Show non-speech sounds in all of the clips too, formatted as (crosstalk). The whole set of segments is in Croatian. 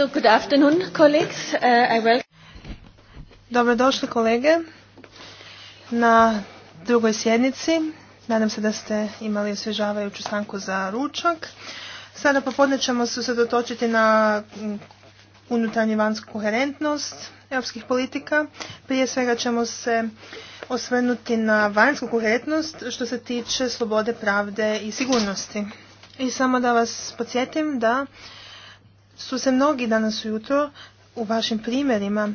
Dobro došli, uh, Dobrodošli kolege na drugoj sjednici. Nadam se da ste imali osvježavajuću stanku za ručak. Sada popodne ćemo se usredotočiti na unutarnju vanjsku koherentnost europskih politika. Prije svega ćemo se osvrnuti na vanjsku koherentnost što se tiče slobode, pravde i sigurnosti. I samo da vas podsjetim da su se mnogi danas ujutro u vašim primjerima,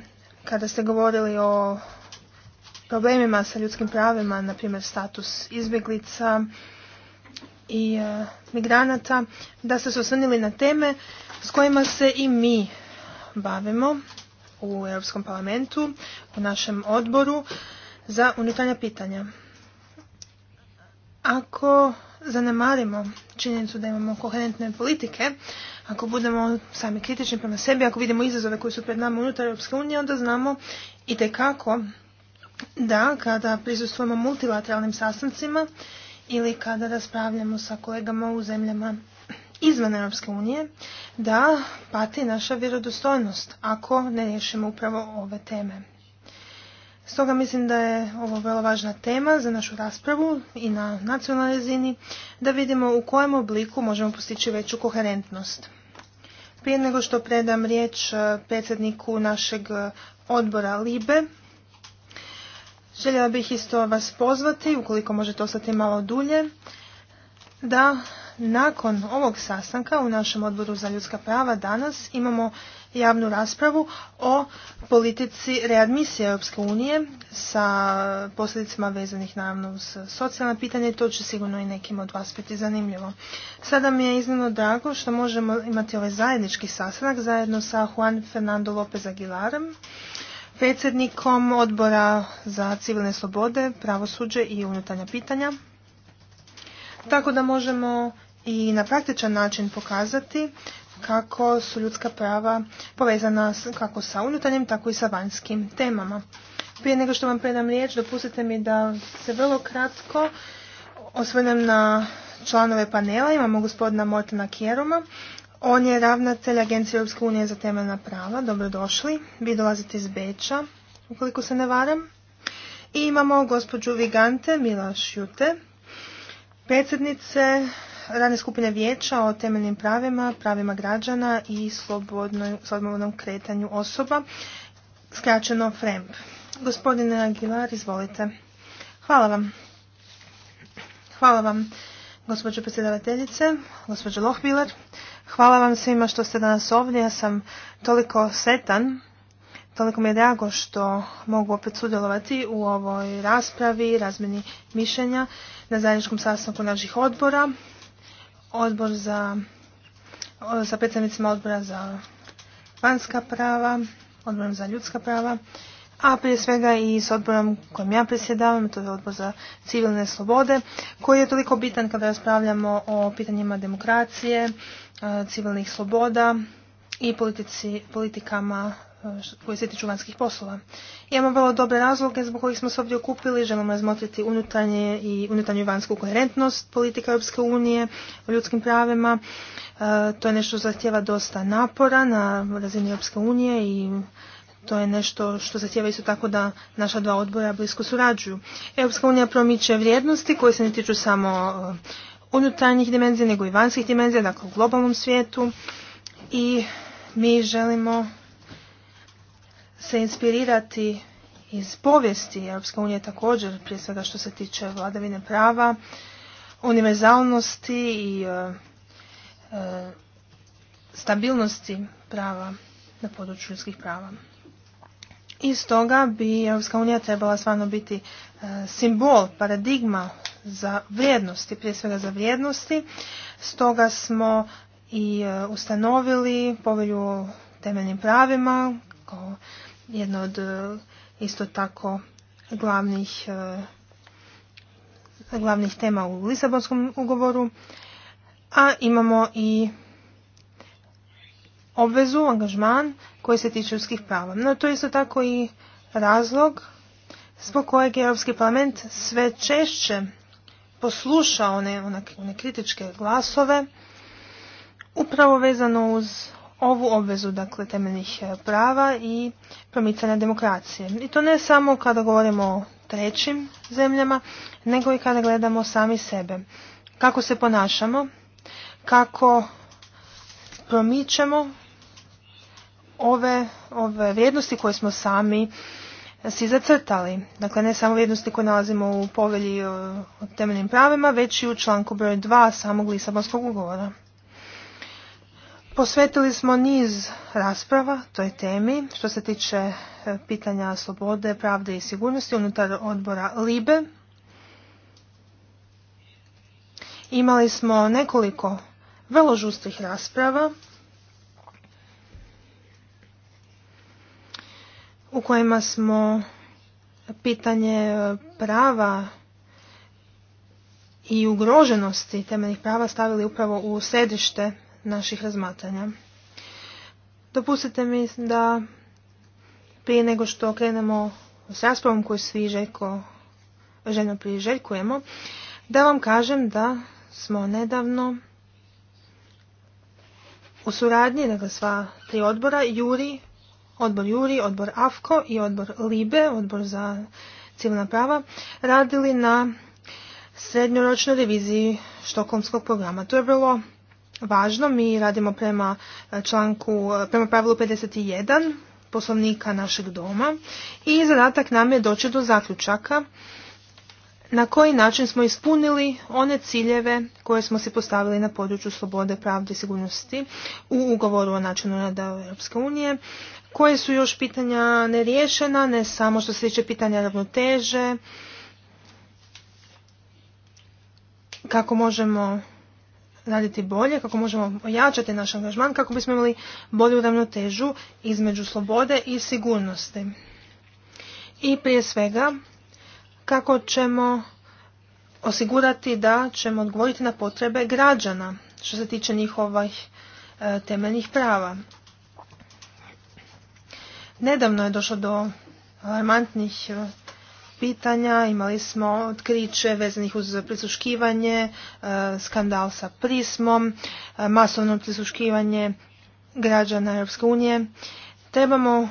kada ste govorili o problemima sa ljudskim pravima, na primjer status izbjeglica i e, migranata, da ste se osvrnili na teme s kojima se i mi bavimo u Europskom parlamentu, u našem odboru za unutarnja pitanja. Ako zanemarimo činjenicu da imamo koherentne politike, ako budemo sami kritični prema sebi, ako vidimo izazove koji su pred nama unutar Europske unije, onda znamo i tekako da kada prisustujemo multilateralnim sastancima ili kada raspravljamo sa kolegama u zemljama izvan Europske unije, da pati naša vjerodostojnost ako ne riješimo upravo ove teme. Stoga mislim da je ovo vrlo važna tema za našu raspravu i na nacionalnoj razini da vidimo u kojem obliku možemo postići veću koherentnost. Prije nego što predam riječ e, predsjedniku našeg odbora LIBE, željela bih isto vas pozvati, ukoliko možete ostati malo dulje, da nakon ovog sastanka u našem odboru za ljudska prava danas imamo javnu raspravu o politici readmisije Europske unije sa posljedicama vezanih naravno uz socijalna pitanja i to će sigurno i nekim od vas biti zanimljivo. Sada mi je iznimno drago što možemo imati ovaj zajednički sastanak zajedno sa Juan Fernando López Aguilarem, predsjednikom odbora za civilne slobode, pravosuđe i unutarnja pitanja tako da možemo i na praktičan način pokazati kako su ljudska prava povezana kako sa unutarnjim, tako i sa vanjskim temama. Prije nego što vam predam riječ, dopustite mi da se vrlo kratko osvrnem na članove panela. Imamo gospodina Mortena Kjeroma. On je ravnatelj Agencije Europske unije za temeljna prava. Dobrodošli. Vi dolazite iz Beča, ukoliko se ne varam. I imamo gospođu Vigante Milaš Jute, predsjednice radne skupine vijeća o temeljnim pravima, pravima građana i slobodnom kretanju osoba, skraćeno FREMP. Gospodine Aguilar, izvolite. Hvala vam. Hvala vam, gospođo predsjedavateljice, gospođo Lohbiler. Hvala vam svima što ste danas ovdje. Ja sam toliko setan Toliko mi je drago što mogu opet sudjelovati u ovoj raspravi, razmeni mišljenja na zajedničkom sastanku naših odbora. Odbor za, sa predstavnicima odbora za vanjska prava, odborom za ljudska prava, a prije svega i s odborom kojim ja predsjedavam, to je odbor za civilne slobode, koji je toliko bitan kada raspravljamo o pitanjima demokracije, civilnih sloboda i politici, politikama koji se tiču vanjskih poslova. Imamo vrlo dobre razloge zbog kojih smo se ovdje okupili, želimo razmotriti unutarnje i unutarnju i vanjsku koherentnost politika Europske unije o ljudskim pravima. E, to je nešto zahtjeva dosta napora na razini Europske unije i to je nešto što zahtjeva isto tako da naša dva odbora blisko surađuju. Europska unija promiče vrijednosti koje se ne tiču samo e, unutarnjih dimenzija nego i vanjskih dimenzija, dakle u globalnom svijetu i mi želimo se inspirirati iz povijesti Europske unije također, prije svega što se tiče vladavine prava, univerzalnosti i e, e, stabilnosti prava na području ljudskih prava. I stoga bi Europska unija trebala stvarno biti e, simbol, paradigma za vrijednosti, prije svega za vrijednosti. Stoga smo i ustanovili povelju o temeljnim pravima kao jedno od e, isto tako glavnih, e, glavnih tema u Lisabonskom ugovoru, a imamo i obvezu, angažman koji se tiče ljudskih prava. No to je isto tako i razlog zbog kojeg je Europski parlament sve češće poslušao one kritičke glasove upravo vezano uz ovu obvezu dakle, temeljnih e, prava i promicanja demokracije. I to ne samo kada govorimo o trećim zemljama, nego i kada gledamo sami sebe. Kako se ponašamo, kako promičemo ove, ove vrijednosti koje smo sami e, si zacrtali. Dakle, ne samo vrijednosti koje nalazimo u povelji e, o temeljnim pravima, već i u članku broj 2 samog Lisabonskog ugovora. Posvetili smo niz rasprava toj temi što se tiče e, pitanja slobode, pravde i sigurnosti unutar odbora LIBE. Imali smo nekoliko vrlo žustih rasprava u kojima smo pitanje e, prava i ugroženosti temeljnih prava stavili upravo u središte naših razmatranja. Dopustite mi da prije nego što krenemo s raspravom koju svi željko, željno priželjkujemo, da vam kažem da smo nedavno u suradnji, dakle sva tri odbora, Juri, odbor Juri, odbor AFKO i odbor LIBE, odbor za civilna prava, radili na srednjoročnoj reviziji štokomskog programa. To je bilo važno. Mi radimo prema eh, članku, eh, prema pravilu 51 poslovnika našeg doma i zadatak nam je doći do zaključaka na koji način smo ispunili one ciljeve koje smo si postavili na području slobode, pravde i sigurnosti u ugovoru o načinu rada Europske unije, koje su još pitanja neriješena, ne samo što se tiče pitanja ravnoteže, kako možemo raditi bolje, kako možemo ojačati naš angažman, kako bismo imali bolju ravnotežu između slobode i sigurnosti. I prije svega, kako ćemo osigurati da ćemo odgovoriti na potrebe građana što se tiče njihovih e, temeljnih prava. Nedavno je došlo do alarmantnih e, pitanja, imali smo otkriće vezanih uz prisluškivanje, e, skandal sa prismom, e, masovno prisluškivanje građana Europske unije. Trebamo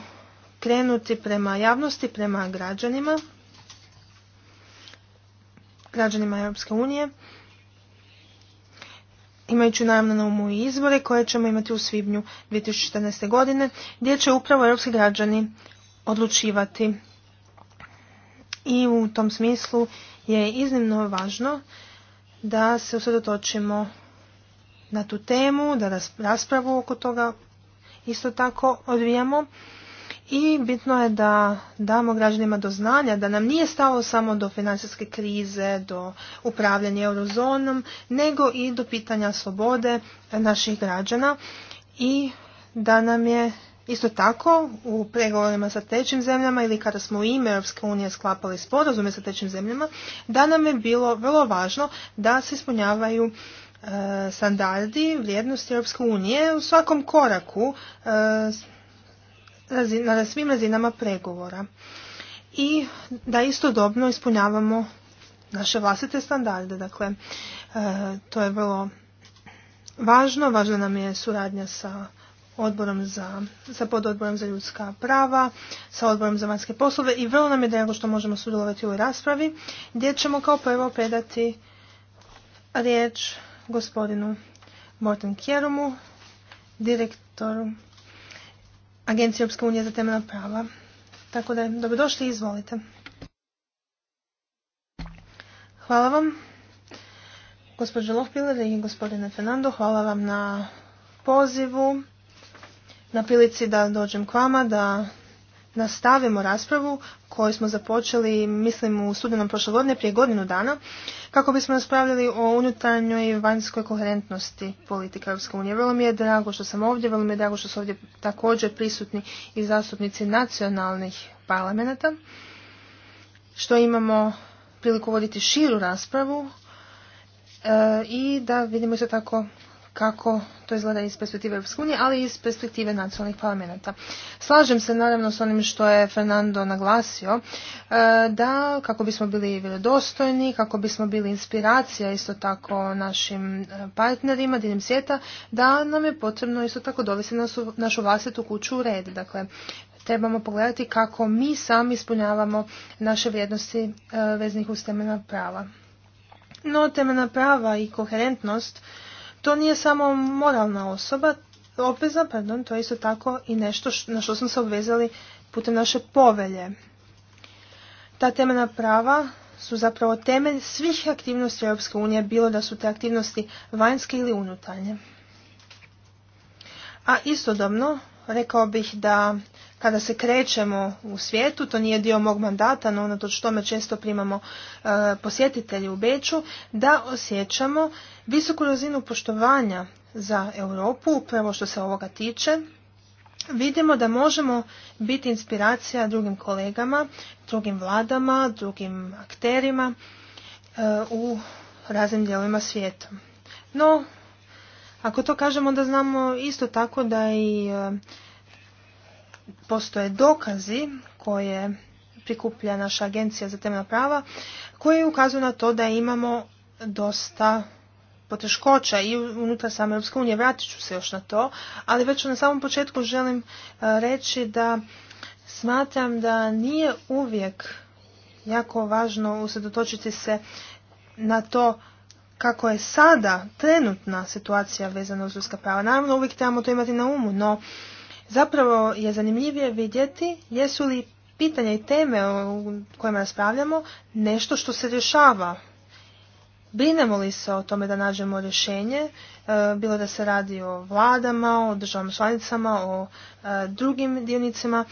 krenuti prema javnosti, prema građanima, građanima Europske unije, imajući naravno na umu i izbore koje ćemo imati u svibnju 2014. godine, gdje će upravo europski građani odlučivati i u tom smislu je iznimno važno da se usredotočimo na tu temu, da raspravu oko toga isto tako odvijamo. I bitno je da damo građanima do znanja da nam nije stalo samo do financijske krize, do upravljanja eurozonom, nego i do pitanja slobode naših građana i da nam je Isto tako, u pregovorima sa trećim zemljama ili kada smo u ime Europske unije sklapali sporazume sa trećim zemljama, da nam je bilo vrlo važno da se ispunjavaju e, standardi vrijednosti Europske unije u svakom koraku e, na svim razinama pregovora. I da istodobno ispunjavamo naše vlastite standarde. Dakle, e, to je vrlo važno. Važna nam je suradnja sa odborom za, sa pododborom za ljudska prava, sa odborom za vanjske poslove i vrlo nam je drago što možemo sudjelovati u ovoj raspravi gdje ćemo kao prvo predati riječ gospodinu Morten Kjerumu, direktoru Agencije Europske unije za temeljna prava. Tako da, dobrodošli izvolite. Hvala vam. Gospođo i gospodine Fernando, hvala vam na pozivu na prilici da dođem k vama, da nastavimo raspravu koju smo započeli, mislim, u studenom prošle godine, prije godinu dana, kako bismo raspravljali o unutarnjoj i vanjskoj koherentnosti politika Europske unije. Vrlo mi je drago što sam ovdje, vrlo mi je drago što su ovdje također prisutni i zastupnici nacionalnih parlamenta, što imamo priliku voditi širu raspravu e, i da vidimo se tako kako to izgleda iz perspektive Europske unije, ali i iz perspektive nacionalnih parlamenta. Slažem se naravno s onim što je Fernando naglasio, e, da kako bismo bili vjerodostojni, kako bismo bili inspiracija isto tako našim e, partnerima diljem svijeta, da nam je potrebno isto tako dovesti našu, našu vlastitu kuću u red. Dakle, trebamo pogledati kako mi sami ispunjavamo naše vrijednosti e, veznih uz temeljna prava. No, temena prava i koherentnost to nije samo moralna osoba, obveza, pardon, to je isto tako i nešto na što smo se obvezali putem naše povelje. Ta temeljna prava su zapravo temelj svih aktivnosti Europske unije, bilo da su te aktivnosti vanjske ili unutarnje. A istodobno rekao bih da kada se krećemo u svijetu, to nije dio mog mandata, no što tome često primamo e, posjetitelje u Beču, da osjećamo visoku razinu poštovanja za Europu, upravo što se ovoga tiče. Vidimo da možemo biti inspiracija drugim kolegama, drugim vladama, drugim akterima e, u raznim dijelovima svijeta. No, ako to kažemo, onda znamo isto tako da i e, postoje dokazi koje prikuplja naša agencija za temeljna prava, koji ukazuju na to da imamo dosta poteškoća i unutar same Europske unije. Vratit ću se još na to, ali već na samom početku želim e, reći da smatram da nije uvijek jako važno usredotočiti se na to kako je sada trenutna situacija vezana uz ljudska prava. Naravno, uvijek trebamo to imati na umu, no zapravo je zanimljivije vidjeti jesu li pitanja i teme o kojima raspravljamo nešto što se rješava. Brinemo li se o tome da nađemo rješenje, e, bilo da se radi o vladama, o državama članicama, o e, drugim dionicima,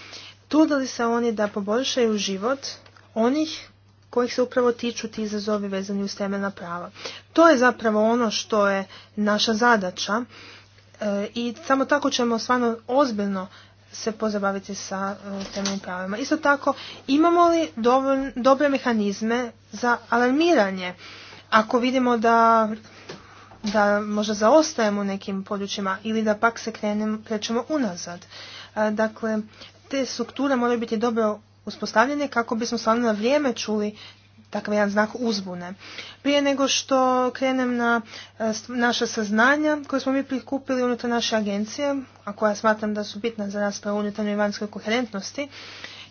trudili se oni da poboljšaju život onih kojih se upravo tiču ti izazovi vezani uz temeljna prava. To je zapravo ono što je naša zadaća e, i samo tako ćemo stvarno ozbiljno se pozabaviti sa e, temeljnim pravima. Isto tako, imamo li dobre mehanizme za alarmiranje? Ako vidimo da da možda zaostajemo u nekim područjima ili da pak se krenemo, krećemo unazad. E, dakle, te strukture moraju biti dobro uspostavljene kako bismo stvarno na vrijeme čuli takav jedan znak uzbune. Prije nego što krenem na e, naša saznanja koje smo mi prikupili unutar naše agencije, a koja smatram da su bitna za raspravu unutarnjoj i vanjskoj koherentnosti,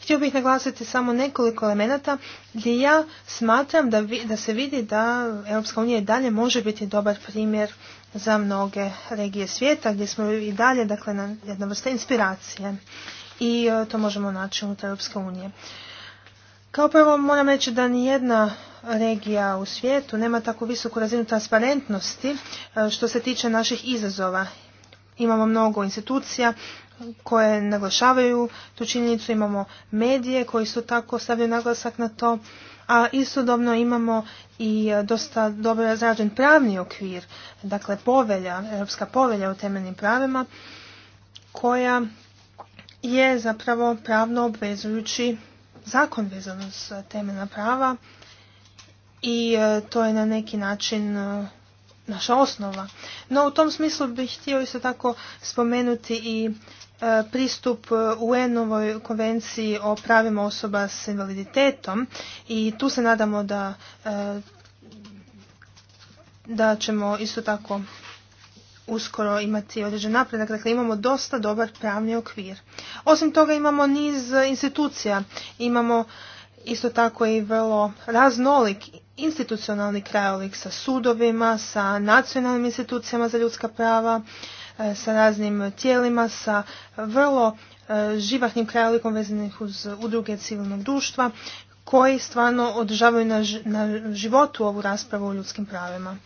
htio bih naglasiti samo nekoliko elemenata gdje ja smatram da, se vidi da Europska unija i dalje može biti dobar primjer za mnoge regije svijeta gdje smo i dalje dakle, na jedna vrsta inspiracije i e, to možemo naći unutar Europske unije. Kao prvo moram reći da nijedna regija u svijetu nema tako visoku razinu transparentnosti e, što se tiče naših izazova. Imamo mnogo institucija koje naglašavaju tu činjenicu, imamo medije koji su tako stavljaju naglasak na to, a istodobno imamo i e, dosta dobro razrađen pravni okvir, dakle povelja, europska povelja o temeljnim pravima, koja je zapravo pravno obvezujući zakon vezan s temeljna prava i e, to je na neki način e, naša osnova. No u tom smislu bih htio isto tako spomenuti i e, pristup UN-ovoj konvenciji o pravima osoba s invaliditetom i tu se nadamo da da ćemo isto tako uskoro imati određen napredak. Dakle, imamo dosta dobar pravni okvir. Osim toga imamo niz institucija. Imamo isto tako i vrlo raznolik institucionalni krajolik sa sudovima, sa nacionalnim institucijama za ljudska prava, e, sa raznim tijelima, sa vrlo e, živahnim krajolikom vezanih uz udruge civilnog društva koji stvarno održavaju na životu ovu raspravu o ljudskim pravima.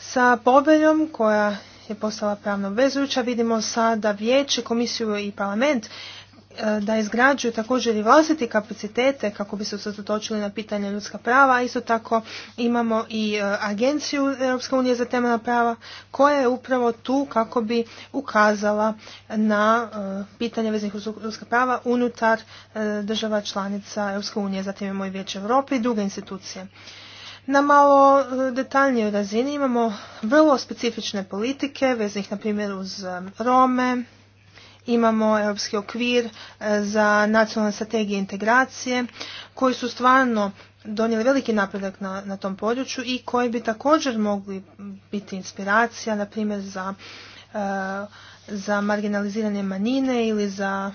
Sa poveljom koja je postala pravno obvezujuća vidimo sada vijeće, komisiju i parlament e, da izgrađuju također i vlastiti kapacitete kako bi se usredotočili na pitanje ljudska prava. Isto tako imamo i e, agenciju Europske unije za temeljna prava koja je upravo tu kako bi ukazala na e, pitanje veznih ljudska prava unutar država članica Europske unije. Zatim imamo i Vijeće Europe i druge institucije. Na malo e, detaljnijoj razini imamo vrlo specifične politike veznih na primjer uz e, Rome, imamo europski okvir e, za nacionalne strategije integracije koji su stvarno donijeli veliki napredak na, na tom području i koji bi također mogli biti inspiracija na primjer za, za marginalizirane manjine ili za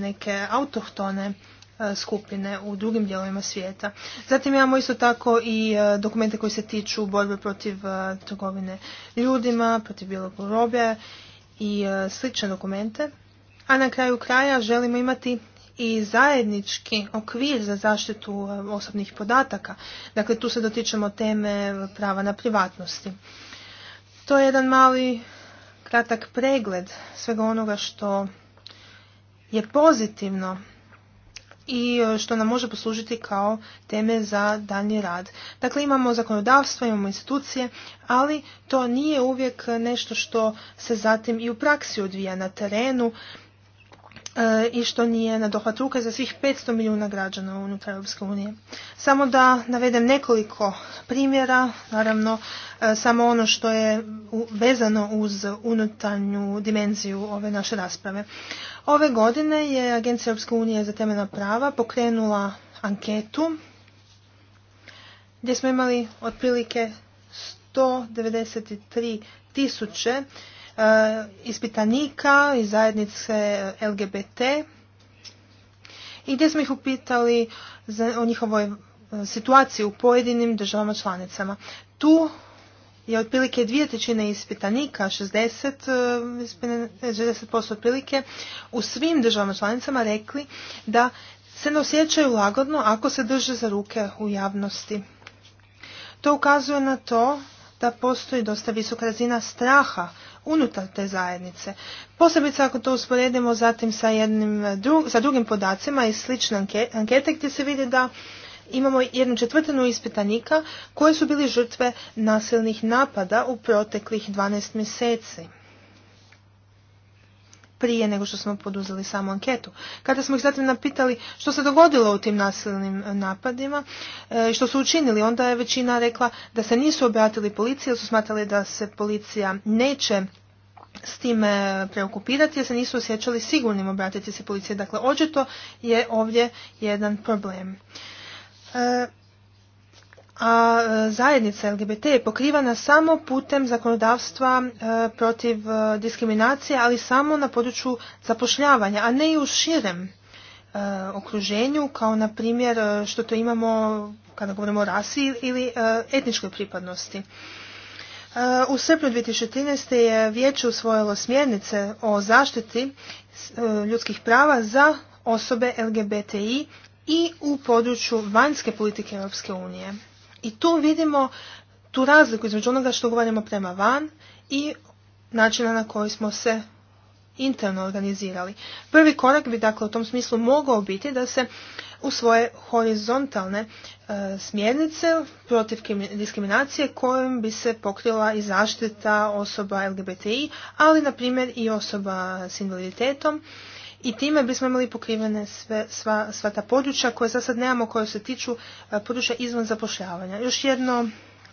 neke autohtone E, skupine u drugim dijelovima svijeta. Zatim imamo isto tako i e, dokumente koji se tiču borbe protiv e, trgovine ljudima, protiv bilog i slične dokumente. A na kraju kraja želimo imati i zajednički okvir za zaštitu osobnih podataka. Dakle, tu se dotičemo teme prava na privatnosti. To je jedan mali kratak pregled svega onoga što je pozitivno i e, što nam može poslužiti kao teme za dalji rad. Dakle, imamo zakonodavstvo, imamo institucije, ali to nije uvijek nešto što se zatim i u praksi odvija na terenu E, i što nije na dohvat ruke za svih 500 milijuna građana unutar Europske unije. Samo da navedem nekoliko primjera, naravno e, samo ono što je vezano uz unutarnju dimenziju ove naše rasprave. Ove godine je Agencija Europske unije za temeljna prava pokrenula anketu gdje smo imali otprilike 193 tisuće E, ispitanika i zajednice LGBT i gdje smo ih upitali o njihovoj e, situaciji u pojedinim državama članicama. Tu je otprilike dvije tečine ispitanika, 60%, 60 e, otprilike, u svim državama članicama rekli da se ne osjećaju lagodno ako se drže za ruke u javnosti. To ukazuje na to da postoji dosta visoka razina straha unutar te zajednice. Posebice ako to usporedimo zatim sa, jednim, sa drugim podacima iz slične ankete gdje se vidi da imamo jednu četvrtinu ispitanika koje su bili žrtve nasilnih napada u proteklih 12 mjeseci prije nego što smo poduzeli samu anketu. Kada smo ih zatim napitali što se dogodilo u tim nasilnim napadima e, i što su učinili, onda je većina rekla da se nisu obratili policiji jer su smatrali da se policija neće s time preokupirati jer se nisu osjećali sigurnim obratiti se policije Dakle, očito je ovdje jedan problem. E, a e, zajednica LGBT je pokrivana samo putem zakonodavstva e, protiv diskriminacije, ali samo na području zapošljavanja, a ne i u širem okruženju, kao na primjer što to imamo kada govorimo o rasi ili etničkoj pripadnosti. U srpnju 2013. je vijeće usvojilo smjernice o zaštiti e, ljudskih prava za osobe LGBTI i u području vanjske politike Europske unije. I tu vidimo tu razliku između onoga što govorimo prema van i načina na koji smo se interno organizirali. Prvi korak bi dakle u tom smislu mogao biti da se u svoje horizontalne e, smjernice protiv diskriminacije kojom bi se pokrila i zaštita osoba LGBTI, ali na primjer i osoba s invaliditetom i time bismo imali pokrivene sve, sva, sva ta područja koje za sad nemamo, koje se tiču e, područja izvan zapošljavanja. Još jedno,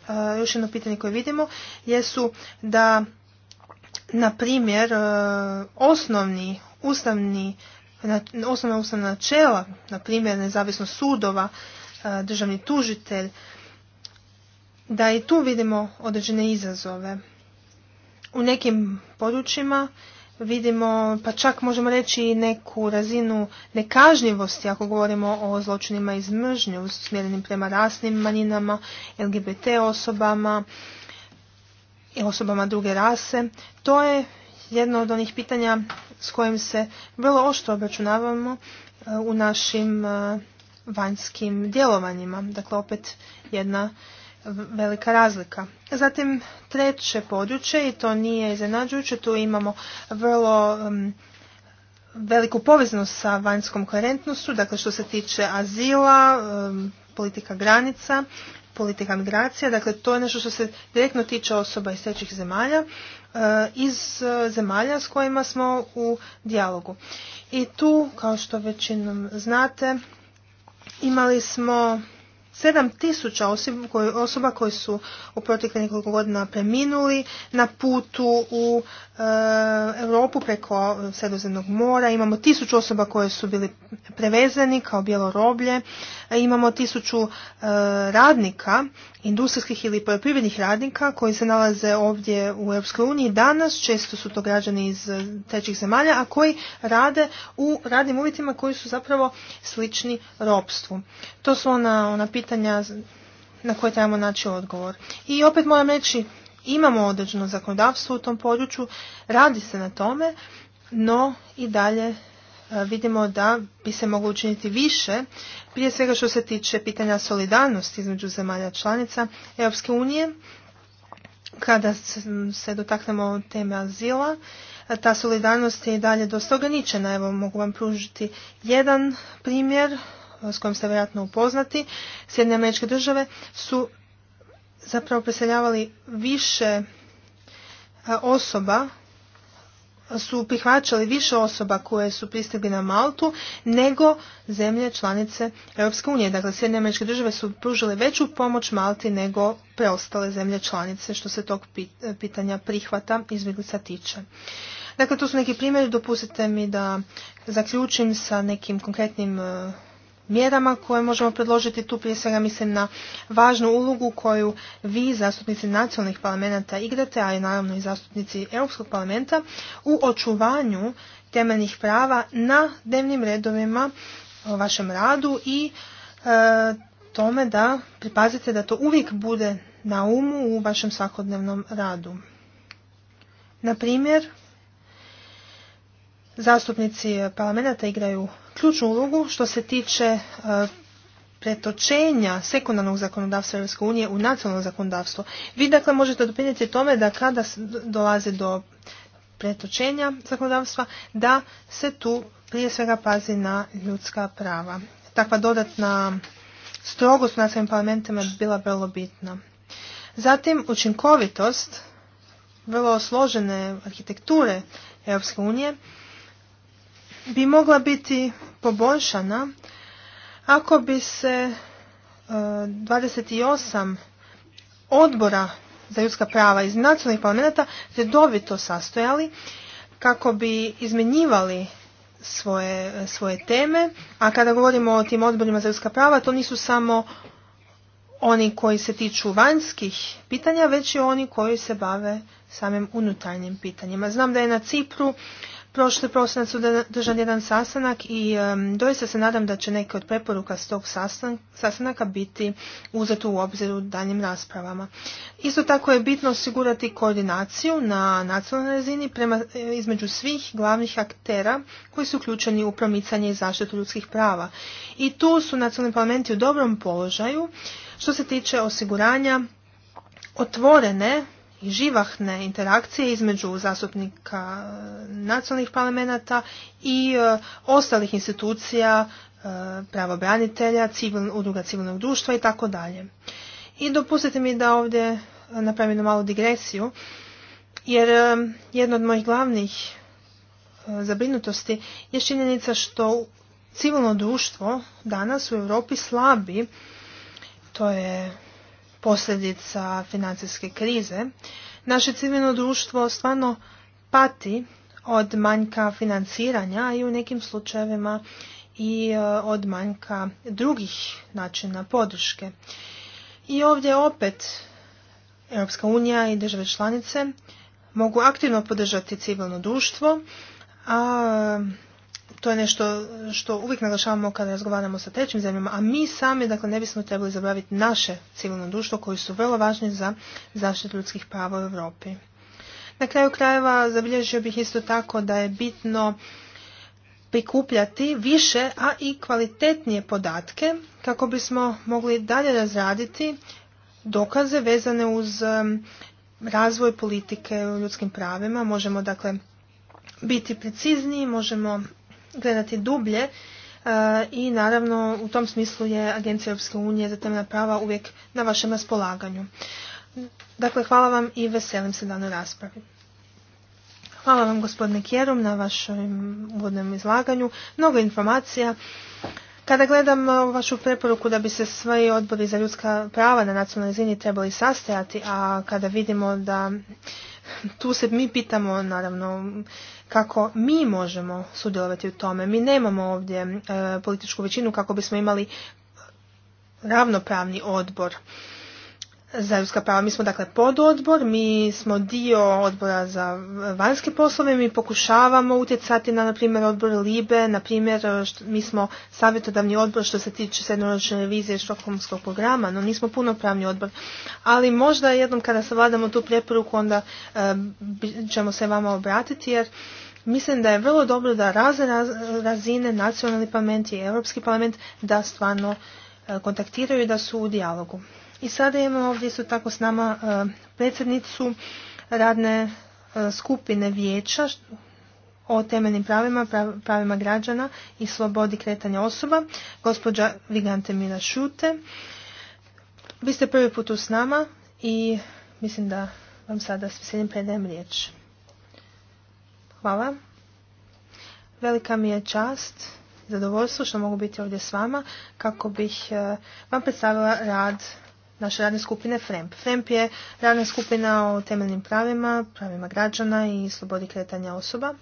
e, još jedno pitanje koje vidimo jesu da, na primjer, osnovni ustavni osnovna ustavna načela, na primjer nezavisnost sudova, e, državni tužitelj, da i tu vidimo određene izazove. U nekim područjima vidimo, pa čak možemo reći i neku razinu nekažnjivosti ako govorimo o zločinima iz mržnje usmjerenim prema rasnim manjinama, LGBT osobama i osobama druge rase. To je jedno od onih pitanja s kojim se vrlo ošto obračunavamo e, u našim e, vanjskim djelovanjima. Dakle, opet jedna velika razlika. Zatim, treće područje, i to nije iznenađujuće, tu imamo vrlo veliku poveznost sa vanjskom koherentnostu, dakle što se tiče azila, politika granica, politika migracija, dakle to je nešto što se direktno tiče osoba iz trećih zemalja, eh, iz eh, zemalja s kojima smo u dijalogu. I tu, kao što većinom znate, imali smo 7000 osoba koji su u protekle nekoliko godina preminuli na putu u eh, Europu preko Sredozemnog mora. Imamo tisuću osoba koje su bili prevezeni kao bijelo roblje. Eh, imamo tisuću eh, radnika, industrijskih ili poljoprivrednih radnika koji se nalaze ovdje u Europskoj uniji danas. Često su to građani iz trećih zemalja, a koji rade u radnim uvjetima koji su zapravo slični ropstvu. To su ona, ona pitanja pitanja na koje trebamo naći odgovor. I opet moram reći, imamo određeno zakonodavstvo u tom području, radi se na tome, no i dalje e, vidimo da bi se moglo učiniti više, prije svega što se tiče pitanja solidarnosti između zemalja članica Europske unije, kada se dotaknemo teme azila, e, ta solidarnost je i dalje dosta ograničena. Evo mogu vam pružiti jedan primjer s kojom ste vjerojatno upoznati, Sjedinje američke države su zapravo preseljavali više e, osoba, su prihvaćali više osoba koje su pristigli na Maltu nego zemlje članice Europske unije. Dakle, Sjedinje američke države su pružile veću pomoć Malti nego preostale zemlje članice što se tog e, pitanja prihvata izbjeglica tiče. Dakle, tu su neki primjeri, dopustite mi da zaključim sa nekim konkretnim e, mjerama koje možemo predložiti. Tu prije svega mislim na važnu ulogu koju vi, zastupnici nacionalnih parlamenta, igrate, a i naravno i zastupnici Europskog parlamenta, u očuvanju temeljnih prava na dnevnim redovima o vašem radu i e, tome da pripazite da to uvijek bude na umu u vašem svakodnevnom radu. Na primjer, zastupnici parlamenta igraju ključnu ulogu što se tiče e, pretočenja sekundarnog zakonodavstva Europske unije u nacionalno zakonodavstvo. Vi dakle možete doprinijeti tome da kada dolazi do pretočenja zakonodavstva, da se tu prije svega pazi na ljudska prava. Takva dodatna strogost u nacionalnim parlamentima je bila vrlo bitna. Zatim učinkovitost vrlo složene arhitekture Europske unije bi mogla biti poboljšana ako bi se 28 e, odbora za ljudska prava iz nacionalnih parlamenta redovito sastojali kako bi izmenjivali svoje, e, svoje teme, a kada govorimo o tim odborima za ljudska prava, to nisu samo oni koji se tiču vanjskih pitanja, već i oni koji se bave samim unutarnjim pitanjima. Znam da je na Cipru Prošli prosinac su držan jedan sastanak i um, doista se nadam da će neke od preporuka s tog sastanaka biti uzeti u obzir u danjim raspravama. Isto tako je bitno osigurati koordinaciju na nacionalnoj razini prema, e, između svih glavnih aktera koji su uključeni u promicanje i zaštitu ljudskih prava. I tu su nacionalni parlamenti u dobrom položaju što se tiče osiguranja otvorene i živahne interakcije između zastupnika e, nacionalnih parlamenta i e, ostalih institucija, e, pravobranitelja, udruga civilnog društva i tako dalje. I dopustite mi da ovdje napravim jednu malu digresiju, jer jedna od mojih glavnih zabrinutosti je činjenica što civilno društvo danas u Europi slabi, to je posljedica financijske krize, naše civilno društvo stvarno pati od manjka financiranja i u nekim slučajevima i e, od manjka drugih načina podrške. I ovdje opet Europska unija i države članice mogu aktivno podržati civilno društvo, a to je nešto što uvijek naglašavamo kada razgovaramo sa trećim zemljama, a mi sami dakle, ne bismo trebali zabaviti naše civilno društvo koji su vrlo važni za zaštitu ljudskih prava u Europi. Na kraju krajeva zabilježio bih isto tako da je bitno prikupljati više, a i kvalitetnije podatke kako bismo mogli dalje razraditi dokaze vezane uz um, razvoj politike u ljudskim pravima. Možemo dakle biti precizniji, možemo gledati dublje e, i naravno u tom smislu je Agencija Europske unije za temna prava uvijek na vašem raspolaganju. Dakle, hvala vam i veselim se danoj raspravi. Hvala vam gospodine Kjerom na vašem uvodnom izlaganju. Mnogo informacija. Kada gledam e, vašu preporuku da bi se svi odbori za ljudska prava na nacionalnoj razini trebali sastajati, a kada vidimo da tu se mi pitamo, naravno, kako mi možemo sudjelovati u tome. Mi nemamo ovdje e, političku većinu kako bismo imali ravnopravni odbor za ljudska prava. Mi smo dakle pododbor, mi smo dio odbora za vanjske poslove, mi pokušavamo utjecati na, na primjer, odbor Libe, na primjer, mi smo savjetodavni odbor što se tiče sedmoročne revizije štokholmskog programa, no nismo punopravni odbor. Ali možda jednom kada savladamo tu preporuku, onda e, ćemo se vama obratiti, jer mislim da je vrlo dobro da razne razine, nacionalni parlament i europski parlament, da stvarno e, kontaktiraju i da su u dijalogu. I sada imamo ovdje isto tako s nama e, predsjednicu radne e, skupine vijeća o temeljnim pravima, pravima građana i slobodi kretanja osoba, gospođa Vigante Mila Šute. Vi ste prvi put tu s nama i mislim da vam sada s veseljem predajem riječ. Hvala. Velika mi je čast zadovoljstvo što mogu biti ovdje s vama kako bih e, vam predstavila rad naše radne skupine FREMP. FREMP je radna skupina o temeljnim pravima, pravima građana i slobodi kretanja osoba.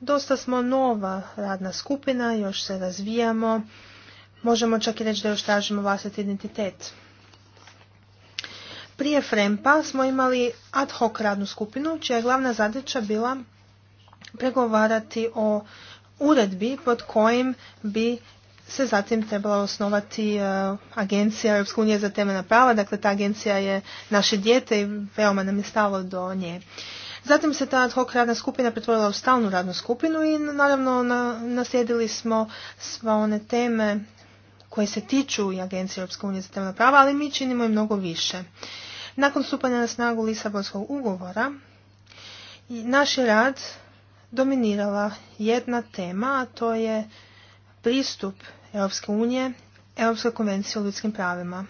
Dosta smo nova radna skupina, još se razvijamo. Možemo čak i reći da još tražimo vlastiti identitet. Prije Frempa smo imali ad hoc radnu skupinu, čija je glavna zadaća bila pregovarati o uredbi pod kojim bi se zatim trebala osnovati e, agencija Europske unije za temeljna prava, dakle ta agencija je naše dijete i veoma nam je stalo do nje. Zatim se ta ad hoc radna skupina pretvorila u stalnu radnu skupinu i naravno naslijedili smo sva one teme koje se tiču i Agencije Europske unije za temeljna prava, ali mi činimo i mnogo više. Nakon stupanja na snagu Lisabonskog ugovora, naš je rad dominirala jedna tema, a to je pristup Europske unije, Europska konvencija o ljudskim pravima.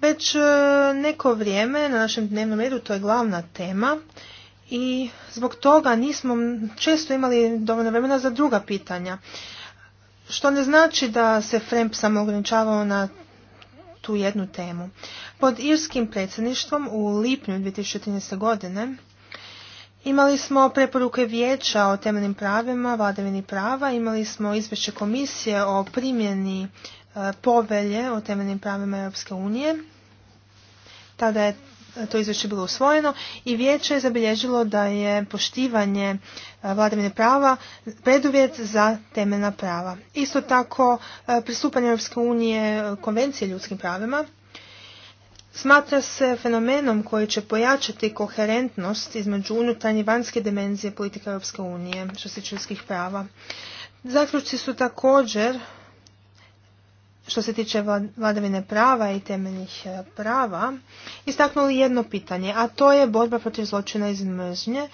Već e, neko vrijeme na našem dnevnom redu to je glavna tema i zbog toga nismo često imali dovoljno vremena za druga pitanja. Što ne znači da se FREMP samo ograničavao na tu jednu temu. Pod irskim predsjedništvom u lipnju 2013. godine Imali smo preporuke vijeća o temeljnim pravima, vladavini prava, imali smo izvješće komisije o primjeni e, povelje o temeljnim pravima Europske unije. Tada je to izvješće bilo usvojeno i vijeće je zabilježilo da je poštivanje e, vladavine prava preduvjet za temeljna prava. Isto tako e, pristupanje Europske unije konvencije ljudskim pravima smatra se fenomenom koji će pojačati koherentnost između unutarnje i vanjske dimenzije politike Europske unije što se tiče ljudskih prava. Zaključci su također što se tiče vladavine prava i temeljnih e, prava, istaknuli jedno pitanje, a to je borba protiv zločina iz mržnje, e,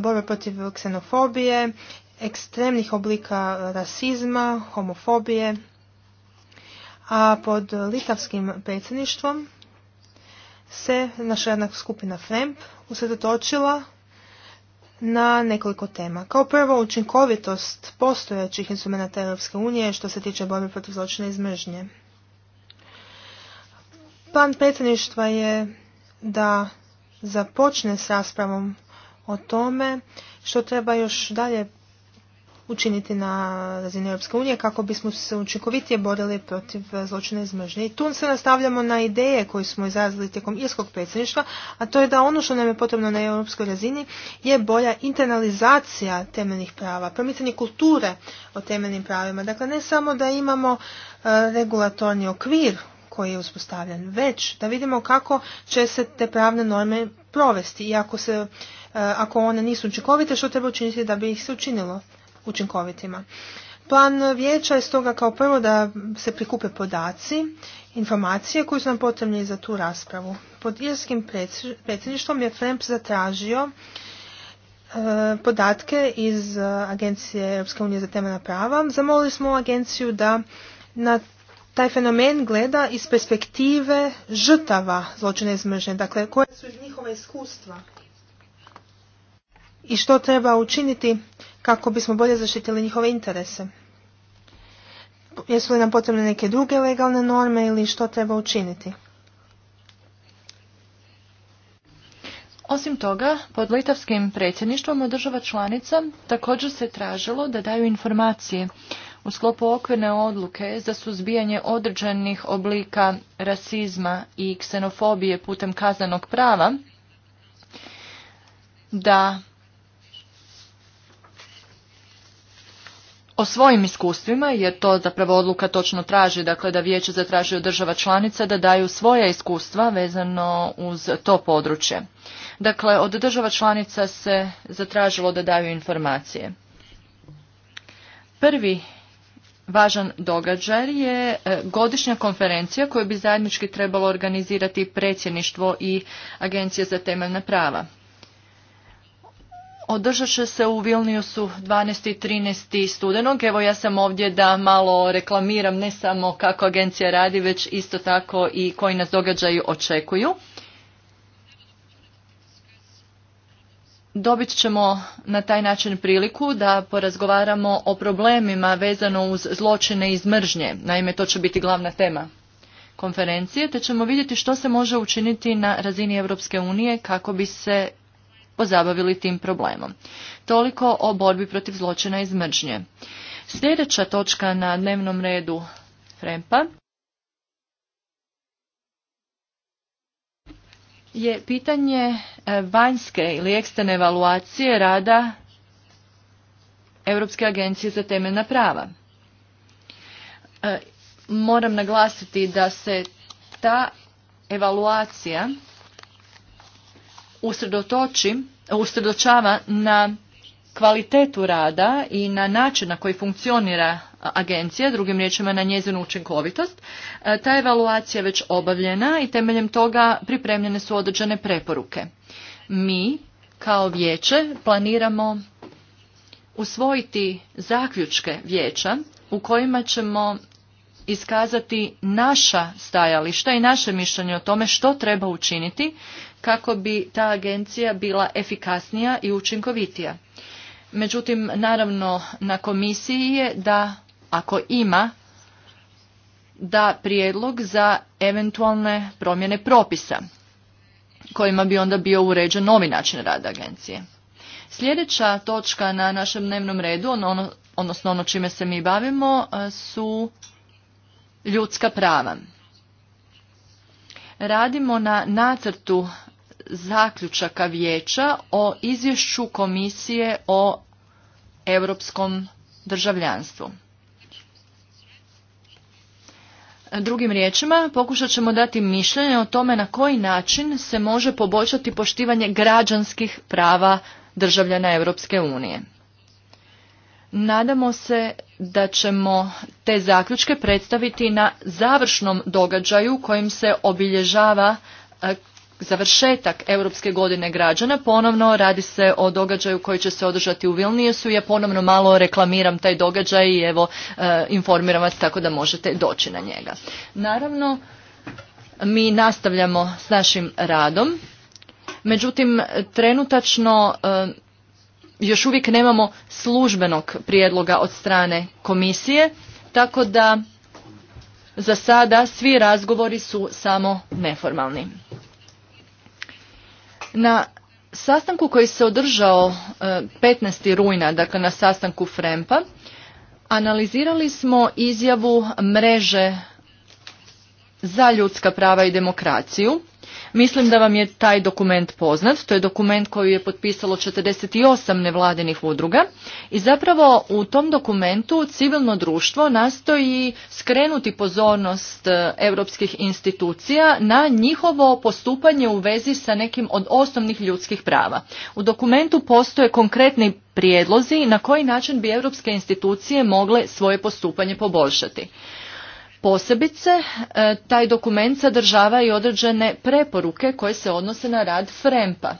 borba protiv ksenofobije, ekstremnih oblika rasizma, homofobije, a pod litavskim predsjedništvom se naša jedna skupina FREMP usredotočila na nekoliko tema. Kao prvo, učinkovitost postojećih instrumenta Europske unije što se tiče borbe protiv zločine iz mržnje. Plan predsjedništva je da započne s raspravom o tome što treba još dalje učiniti na razini Europske unije kako bismo se učinkovitije borili protiv eh, zločine iz mržnje. I tu se nastavljamo na ideje koje smo izrazili tijekom irskog predsjedništva, a to je da ono što nam je potrebno na europskoj razini je bolja internalizacija temeljnih prava, promicanje kulture o temeljnim pravima. Dakle, ne samo da imamo eh, regulatorni okvir koji je uspostavljen, već da vidimo kako će se te pravne norme provesti i ako, se, eh, ako one nisu učinkovite, što treba učiniti da bi ih se učinilo učinkovitima. Plan vijeća je stoga kao prvo da se prikupe podaci, informacije koje su nam potrebne za tu raspravu. Pod irskim predsjedništvom je FREMP zatražio e, podatke iz e, Agencije Europske unije za temeljna prava. Zamolili smo agenciju da na taj fenomen gleda iz perspektive žrtava zločine iz dakle koje su njihova iskustva i što treba učiniti kako bismo bolje zaštitili njihove interese. Jesu li nam potrebne neke druge legalne norme ili što treba učiniti? Osim toga, pod litavskim predsjedništvom od država članica također se tražilo da daju informacije u sklopu okvirne odluke za suzbijanje određenih oblika rasizma i ksenofobije putem kaznenog prava, da o svojim iskustvima, jer to zapravo odluka točno traži, dakle da vijeće zatraži od država članica da daju svoja iskustva vezano uz to područje. Dakle, od država članica se zatražilo da daju informacije. Prvi važan događaj je e, godišnja konferencija koju bi zajednički trebalo organizirati predsjedništvo i Agencija za temeljna prava. Održat će se u Vilniusu 12. i 13. studenog. Evo ja sam ovdje da malo reklamiram ne samo kako agencija radi, već isto tako i koji nas događaju očekuju. Dobit ćemo na taj način priliku da porazgovaramo o problemima vezano uz zločine iz mržnje. Naime, to će biti glavna tema konferencije, te ćemo vidjeti što se može učiniti na razini Europske unije kako bi se pozabavili tim problemom. Toliko o borbi protiv zločina iz mržnje. Sljedeća točka na dnevnom redu Frempa je pitanje e, vanjske ili eksterne evaluacije rada Europske agencije za temeljna prava. E, moram naglasiti da se ta evaluacija usredotoči, usredočava na kvalitetu rada i na način na koji funkcionira agencija, drugim riječima na njezinu učinkovitost. E, ta evaluacija je već obavljena i temeljem toga pripremljene su određene preporuke. Mi kao vijeće planiramo usvojiti zaključke vijeća u kojima ćemo iskazati naša stajališta i naše mišljenje o tome što treba učiniti kako bi ta agencija bila efikasnija i učinkovitija. Međutim, naravno, na komisiji je da, ako ima, da prijedlog za eventualne promjene propisa, kojima bi onda bio uređen novi način rada agencije. Sljedeća točka na našem dnevnom redu, ono, odnosno ono čime se mi bavimo, su ljudska prava. Radimo na nacrtu zaključaka vijeća o izvješću komisije o europskom državljanstvu. Drugim riječima, pokušat ćemo dati mišljenje o tome na koji način se može poboljšati poštivanje građanskih prava državljana Europske unije. Nadamo se da ćemo te zaključke predstaviti na završnom događaju kojim se obilježava e, završetak Europske godine građana. Ponovno radi se o događaju koji će se održati u Vilniusu. Ja ponovno malo reklamiram taj događaj i evo e, informiram vas tako da možete doći na njega. Naravno, mi nastavljamo s našim radom. Međutim, trenutačno e, još uvijek nemamo službenog prijedloga od strane komisije, tako da za sada svi razgovori su samo neformalni. Na sastanku koji se održao 15. E, rujna, dakle na sastanku Frempa, analizirali smo izjavu mreže za ljudska prava i demokraciju Mislim da vam je taj dokument poznat. To je dokument koji je potpisalo 48 nevladinih udruga i zapravo u tom dokumentu civilno društvo nastoji skrenuti pozornost e, europskih institucija na njihovo postupanje u vezi sa nekim od osnovnih ljudskih prava. U dokumentu postoje konkretni prijedlozi na koji način bi europske institucije mogle svoje postupanje poboljšati. Posebice, e, taj dokument sadržava i određene preporuke koje se odnose na rad FREMPA.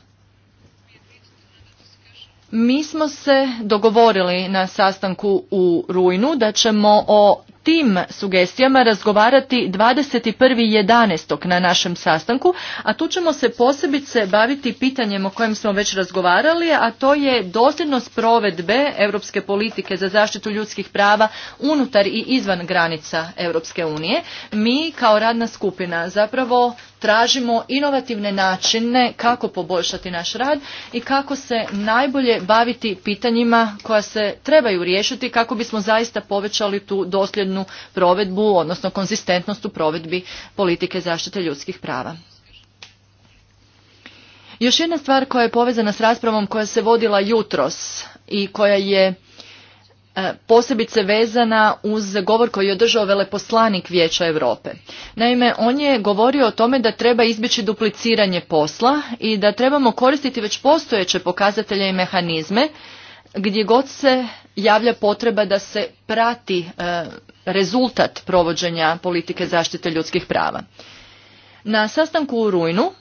Mi smo se dogovorili na sastanku u Rujnu da ćemo o tim sugestijama razgovarati 21.11. na našem sastanku, a tu ćemo se posebice baviti pitanjem o kojem smo već razgovarali, a to je dosljednost provedbe europske politike za zaštitu ljudskih prava unutar i izvan granica Europske unije. Mi kao radna skupina zapravo tražimo inovativne načine kako poboljšati naš rad i kako se najbolje baviti pitanjima koja se trebaju riješiti kako bismo zaista povećali tu dosljednost dosljednu provedbu, odnosno konzistentnost u provedbi politike zaštite ljudskih prava. Još jedna stvar koja je povezana s raspravom koja se vodila jutros i koja je e, posebice vezana uz govor koji je održao veleposlanik Vijeća Europe. Naime, on je govorio o tome da treba izbjeći dupliciranje posla i da trebamo koristiti već postojeće pokazatelje i mehanizme gdje god se javlja potreba da se prati e, rezultat provođenja politike zaštite ljudskih prava. Na sastanku u Rujnu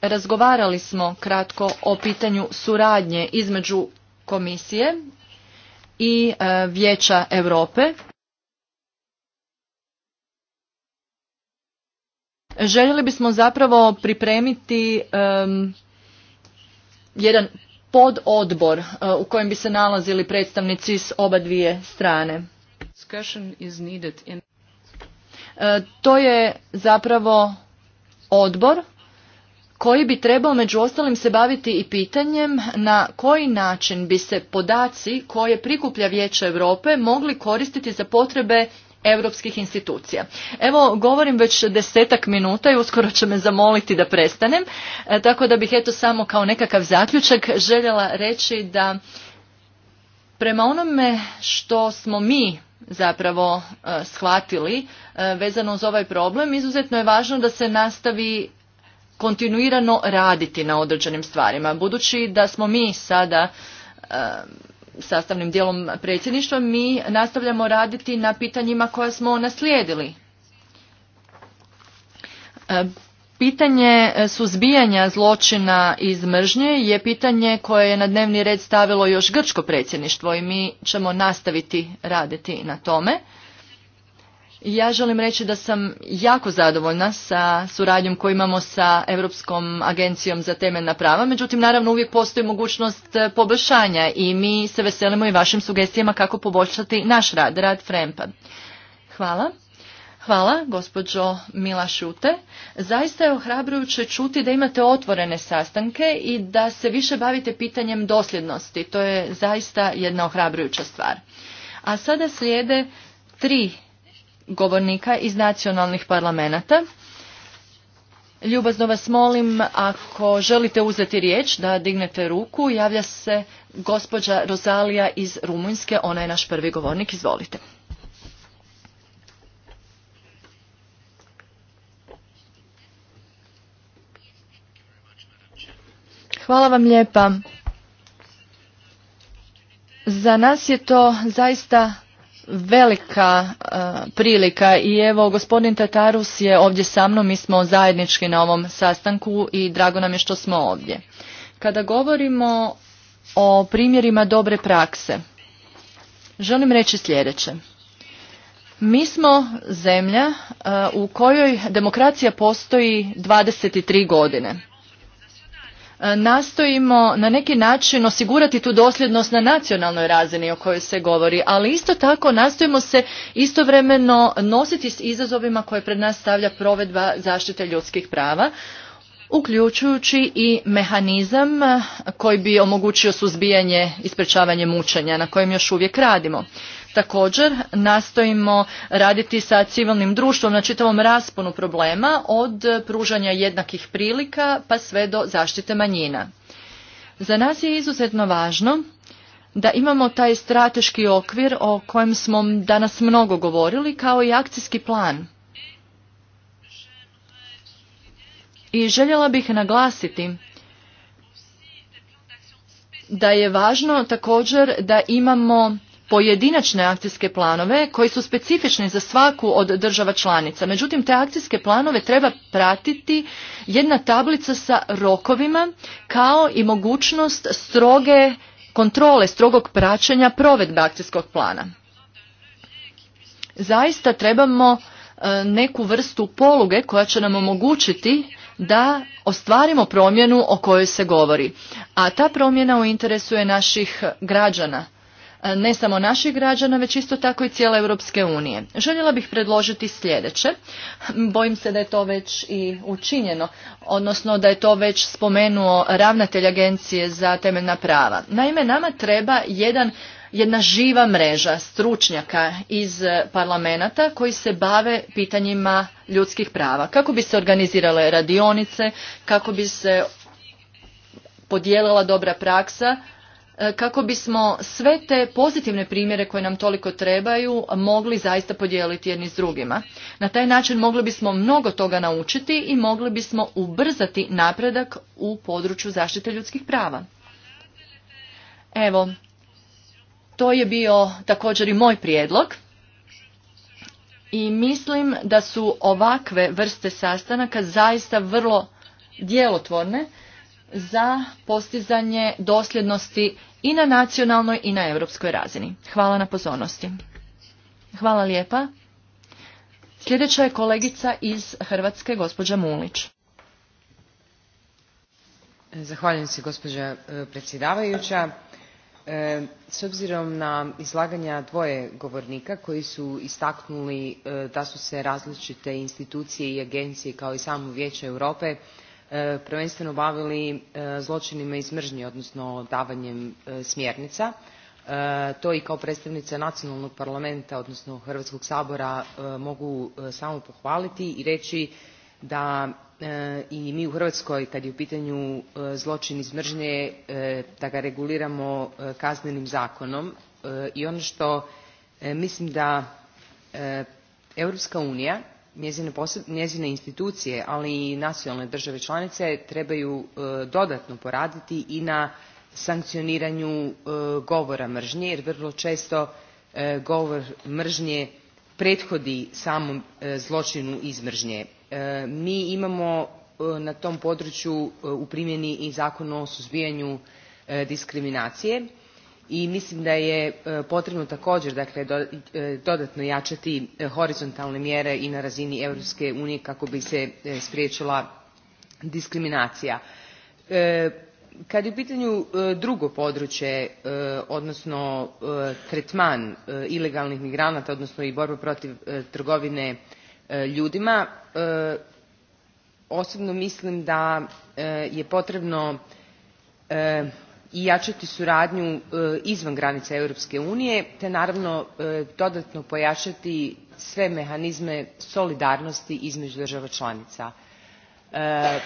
razgovarali smo kratko o pitanju suradnje između komisije i e, Vijeća Europe. Željeli bismo zapravo pripremiti e, jedan pododbor e, u kojem bi se nalazili predstavnici s oba dvije strane discussion is e, to je zapravo odbor koji bi trebao među ostalim se baviti i pitanjem na koji način bi se podaci koje prikuplja Vijeće Europe mogli koristiti za potrebe europskih institucija. Evo, govorim već desetak minuta i uskoro će me zamoliti da prestanem, e, tako da bih eto samo kao nekakav zaključak željela reći da prema onome što smo mi zapravo e, shvatili e, vezano uz ovaj problem, izuzetno je važno da se nastavi kontinuirano raditi na određenim stvarima. Budući da smo mi sada e, sastavnim dijelom predsjedništva, mi nastavljamo raditi na pitanjima koja smo naslijedili. Pitanje e, suzbijanja zločina iz mržnje je pitanje koje je na dnevni red stavilo još grčko predsjedništvo i mi ćemo nastaviti raditi na tome. Ja želim reći da sam jako zadovoljna sa suradnjom koju imamo sa Europskom agencijom za temeljna prava, međutim naravno uvijek postoji mogućnost e, poboljšanja i mi se veselimo i vašim sugestijama kako poboljšati naš rad, rad Frempa. Hvala. Hvala, gospođo Mila Šute. Zaista je ohrabrujuće čuti da imate otvorene sastanke i da se više bavite pitanjem dosljednosti. To je zaista jedna ohrabrujuća stvar. A sada slijede tri govornika iz nacionalnih parlamenta. Ljubazno vas molim, ako želite uzeti riječ, da dignete ruku. Javlja se gospođa Rozalija iz Rumunjske, ona je naš prvi govornik. Izvolite. Hvala vam lijepa. Za nas je to zaista velika e, prilika i evo gospodin Tatarus je ovdje sa mnom, mi smo zajednički na ovom sastanku i drago nam je što smo ovdje. Kada govorimo o primjerima dobre prakse, želim reći sljedeće. Mi smo zemlja e, u kojoj demokracija postoji 23 godine. E, nastojimo na neki način osigurati tu dosljednost na nacionalnoj razini o kojoj se govori, ali isto tako nastojimo se istovremeno nositi s izazovima koje pred nas stavlja provedba zaštite ljudskih prava, uključujući i mehanizam e, koji bi omogućio suzbijanje i sprečavanje mučenja na kojem još uvijek radimo. Također nastojimo raditi sa civilnim društvom na čitavom rasponu problema od pružanja jednakih prilika pa sve do zaštite manjina. Za nas je izuzetno važno da imamo taj strateški okvir o kojem smo danas mnogo govorili kao i akcijski plan. I željela bih naglasiti da je važno također da imamo pojedinačne akcijske planove koji su specifični za svaku od država članica. Međutim, te akcijske planove treba pratiti jedna tablica sa rokovima kao i mogućnost stroge kontrole, strogog praćenja provedbe akcijskog plana. Zaista trebamo e, neku vrstu poluge koja će nam omogućiti da ostvarimo promjenu o kojoj se govori. A ta promjena u interesu je naših građana E, ne samo naših građana, već isto tako i cijele Europske unije. Željela bih predložiti sljedeće. Bojim se da je to već i učinjeno, odnosno da je to već spomenuo ravnatelj Agencije za temeljna prava. Naime, nama treba jedan jedna živa mreža stručnjaka iz parlamenta koji se bave pitanjima ljudskih prava. Kako bi se organizirale radionice, kako bi se podijelila dobra praksa E, kako bismo sve te pozitivne primjere koje nam toliko trebaju mogli zaista podijeliti jedni s drugima. Na taj način mogli bismo mnogo toga naučiti i mogli bismo ubrzati napredak u području zaštite ljudskih prava. Evo, to je bio također i moj prijedlog i mislim da su ovakve vrste sastanaka zaista vrlo djelotvorne za postizanje dosljednosti i na nacionalnoj i na europskoj razini. Hvala na pozornosti. Hvala lijepa. Sljedeća je kolegica iz Hrvatske, gospođa Mulić. Zahvaljujem se, gospođa e, predsjedavajuća. E, s obzirom na izlaganja dvoje govornika koji su istaknuli e, da su se različite institucije i agencije kao i samo Vijeće Europe E, prvenstveno bavili e, zločinima iz mržnje odnosno davanjem e, smjernica to i kao predstavnica nacionalnog parlamenta odnosno hrvatskog sabora mogu samo pohvaliti i reći da i mi u hrvatskoj kad je u pitanju zločin iz mržnje da ga reguliramo kaznenim zakonom i ono što mislim da europska unija njezine, institucije ali i nacionalne države članice trebaju e, dodatno poraditi i na sankcioniranju e, govora mržnje jer vrlo često e, govor mržnje prethodi samom zločinu iz mržnje. Mi imamo na tom području u primjeni i Zakon o suzbijanju diskriminacije i mislim da je e, potrebno također dakle, e, dodatno jačati e, horizontalne mjere i na razini Europske unije kako bi se spriječila diskriminacija. Kad je u pitanju drugo područje, odnosno tretman ilegalnih migranata, odnosno i borba protiv trgovine ljudima, osobno mislim da je potrebno i jačati suradnju e, izvan granica Europske unije te naravno e, dodatno pojačati sve mehanizme solidarnosti između država članica. E,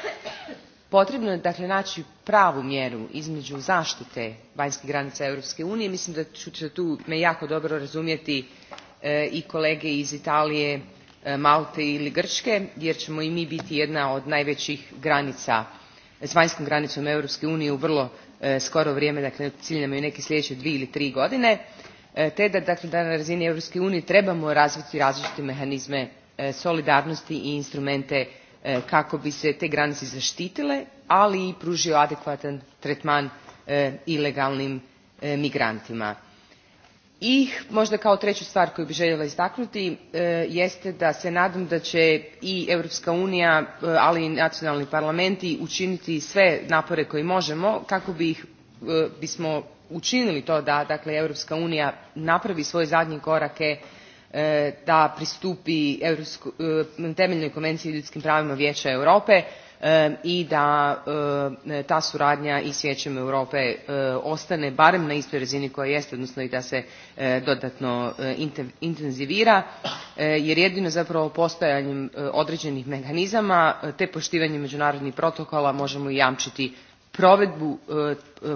potrebno je dakle naći pravu mjeru između zaštite vanjskih granica Europske unije. Mislim da ću tu me jako dobro razumjeti i kolege iz Italije, Malte ili Grčke jer ćemo i mi biti jedna od najvećih granica s vanjskom granicom Europske unije u vrlo E, skoro vrijeme dakle je i neke sljedeće dvije ili tri godine e, te da dakle na razini europske unije trebamo razviti različite mehanizme e, solidarnosti i instrumente kako bi se te granice zaštitile ali i pružio adekvatan tretman ilegalnim migrantima i možda kao treću stvar koju bih željela istaknuti e, jeste da se nadam da će i europska unija e, ali i nacionalni parlamenti učiniti sve napore koje možemo kako e, bismo učinili to da dakle europska unija napravi svoje zadnje korake da pristupi temeljnoj konvenciji o ljudskim pravima vijeća europe i da e, ta suradnja i s Europe e, ostane barem na istoj razini koja jeste, odnosno i da se e, dodatno intenzivira, jer jedino zapravo postojanjem određenih mehanizama te poštivanjem međunarodnih protokola možemo i jamčiti provedbu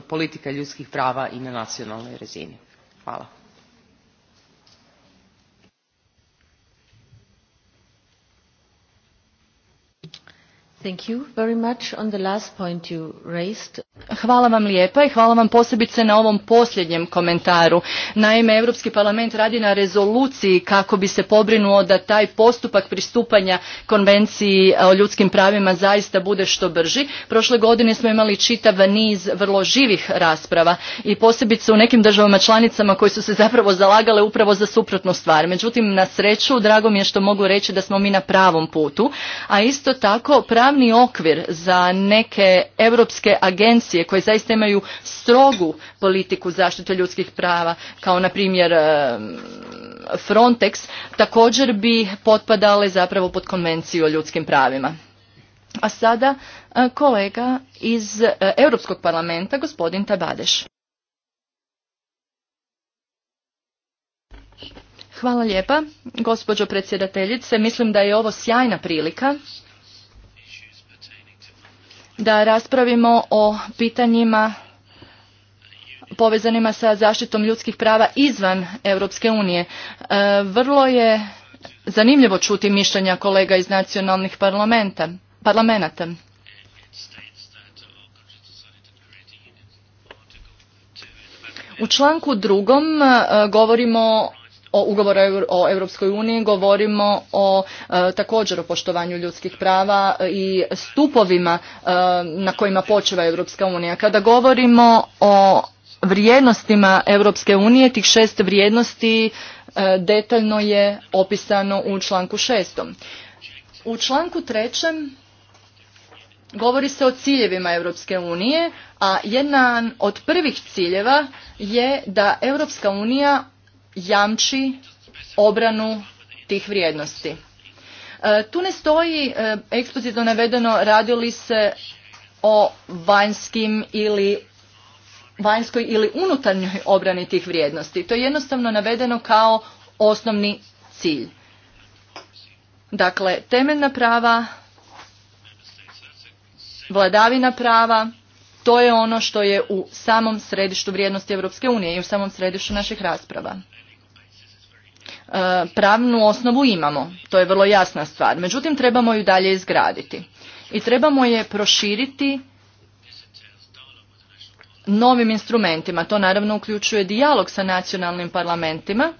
politika ljudskih prava i na nacionalnoj razini. Hvala. Hvala vam lijepa i hvala vam posebice na ovom posljednjem komentaru. Naime, Europski parlament radi na rezoluciji kako bi se pobrinuo da taj postupak pristupanja konvenciji o ljudskim pravima zaista bude što brži. Prošle godine smo imali čitav niz vrlo živih rasprava i posebice u nekim državama članicama koji su se zapravo zalagale upravo za suprotnu stvar. Međutim, na sreću, drago mi je što mogu reći da smo mi na pravom putu, a isto tako pravi pravni okvir za neke europske agencije koje zaista imaju strogu politiku zaštite ljudskih prava, kao na primjer eh, Frontex, također bi potpadale zapravo pod konvenciju o ljudskim pravima. A sada eh, kolega iz eh, Europskog parlamenta, gospodin Tabadeš. Hvala lijepa, gospođo predsjedateljice. Mislim da je ovo sjajna prilika da raspravimo o pitanjima povezanima sa zaštitom ljudskih prava izvan Europske unije. E, vrlo je zanimljivo čuti mišljenja kolega iz nacionalnih parlamenta, parlamenta. U članku drugom e, govorimo o ugovoru o Europskoj uniji govorimo o e, također o poštovanju ljudskih prava i stupovima e, na kojima počeva Europska unija. Kada govorimo o vrijednostima Europske unije, tih šest vrijednosti e, detaljno je opisano u članku šest. U članku trećem govori se o ciljevima Europske unije, a jedan od prvih ciljeva je da Europska unija jamči obranu tih vrijednosti. E, tu ne stoji e, eksplicitno navedeno radi li se o vanjskim ili vanjskoj ili unutarnjoj obrani tih vrijednosti. To je jednostavno navedeno kao osnovni cilj. Dakle, temeljna prava, vladavina prava, to je ono što je u samom središtu vrijednosti Europske unije i u samom središtu naših rasprava. E, pravnu osnovu imamo, to je vrlo jasna stvar. Međutim, trebamo ju dalje izgraditi i trebamo je proširiti novim instrumentima. To naravno uključuje dijalog sa nacionalnim parlamentima,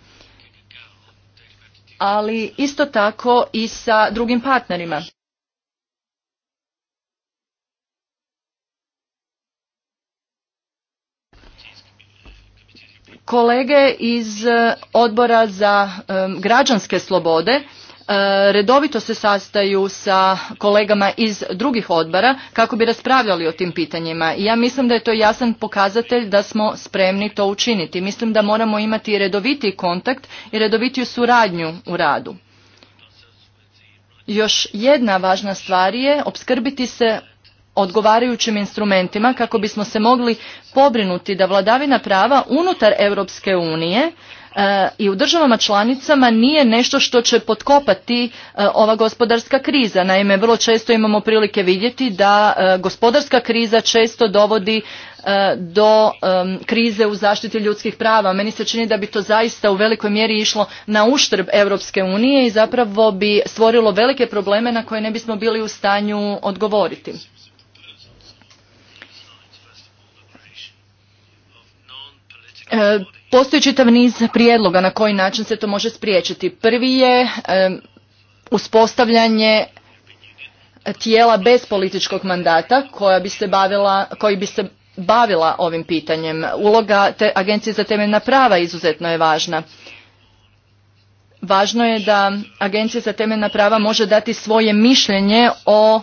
ali isto tako i sa drugim partnerima. Kolege iz e, odbora za e, građanske slobode e, redovito se sastaju sa kolegama iz drugih odbora kako bi raspravljali o tim pitanjima i ja mislim da je to jasan pokazatelj da smo spremni to učiniti. Mislim da moramo imati redovitiji kontakt i redovitiju suradnju u radu. Još jedna važna stvar je opskrbiti se odgovarajućim instrumentima kako bismo se mogli pobrinuti da vladavina prava unutar Europske unije e, i u državama članicama nije nešto što će potkopati e, ova gospodarska kriza. Naime, vrlo često imamo prilike vidjeti da e, gospodarska kriza često dovodi do krize u zaštiti ljudskih prava. Meni se čini da bi to zaista u velikoj mjeri išlo na uštrb Europske unije i zapravo bi stvorilo velike probleme na koje ne bismo bili u stanju odgovoriti. E, postoji čitav niz prijedloga na koji način se to može spriječiti. Prvi je e, uspostavljanje tijela bez političkog mandata koja bi se bavila, koji bi se bavila ovim pitanjem. Uloga Agencije za temeljna prava izuzetno je važna. Važno je da Agencija za temeljna prava može dati svoje mišljenje o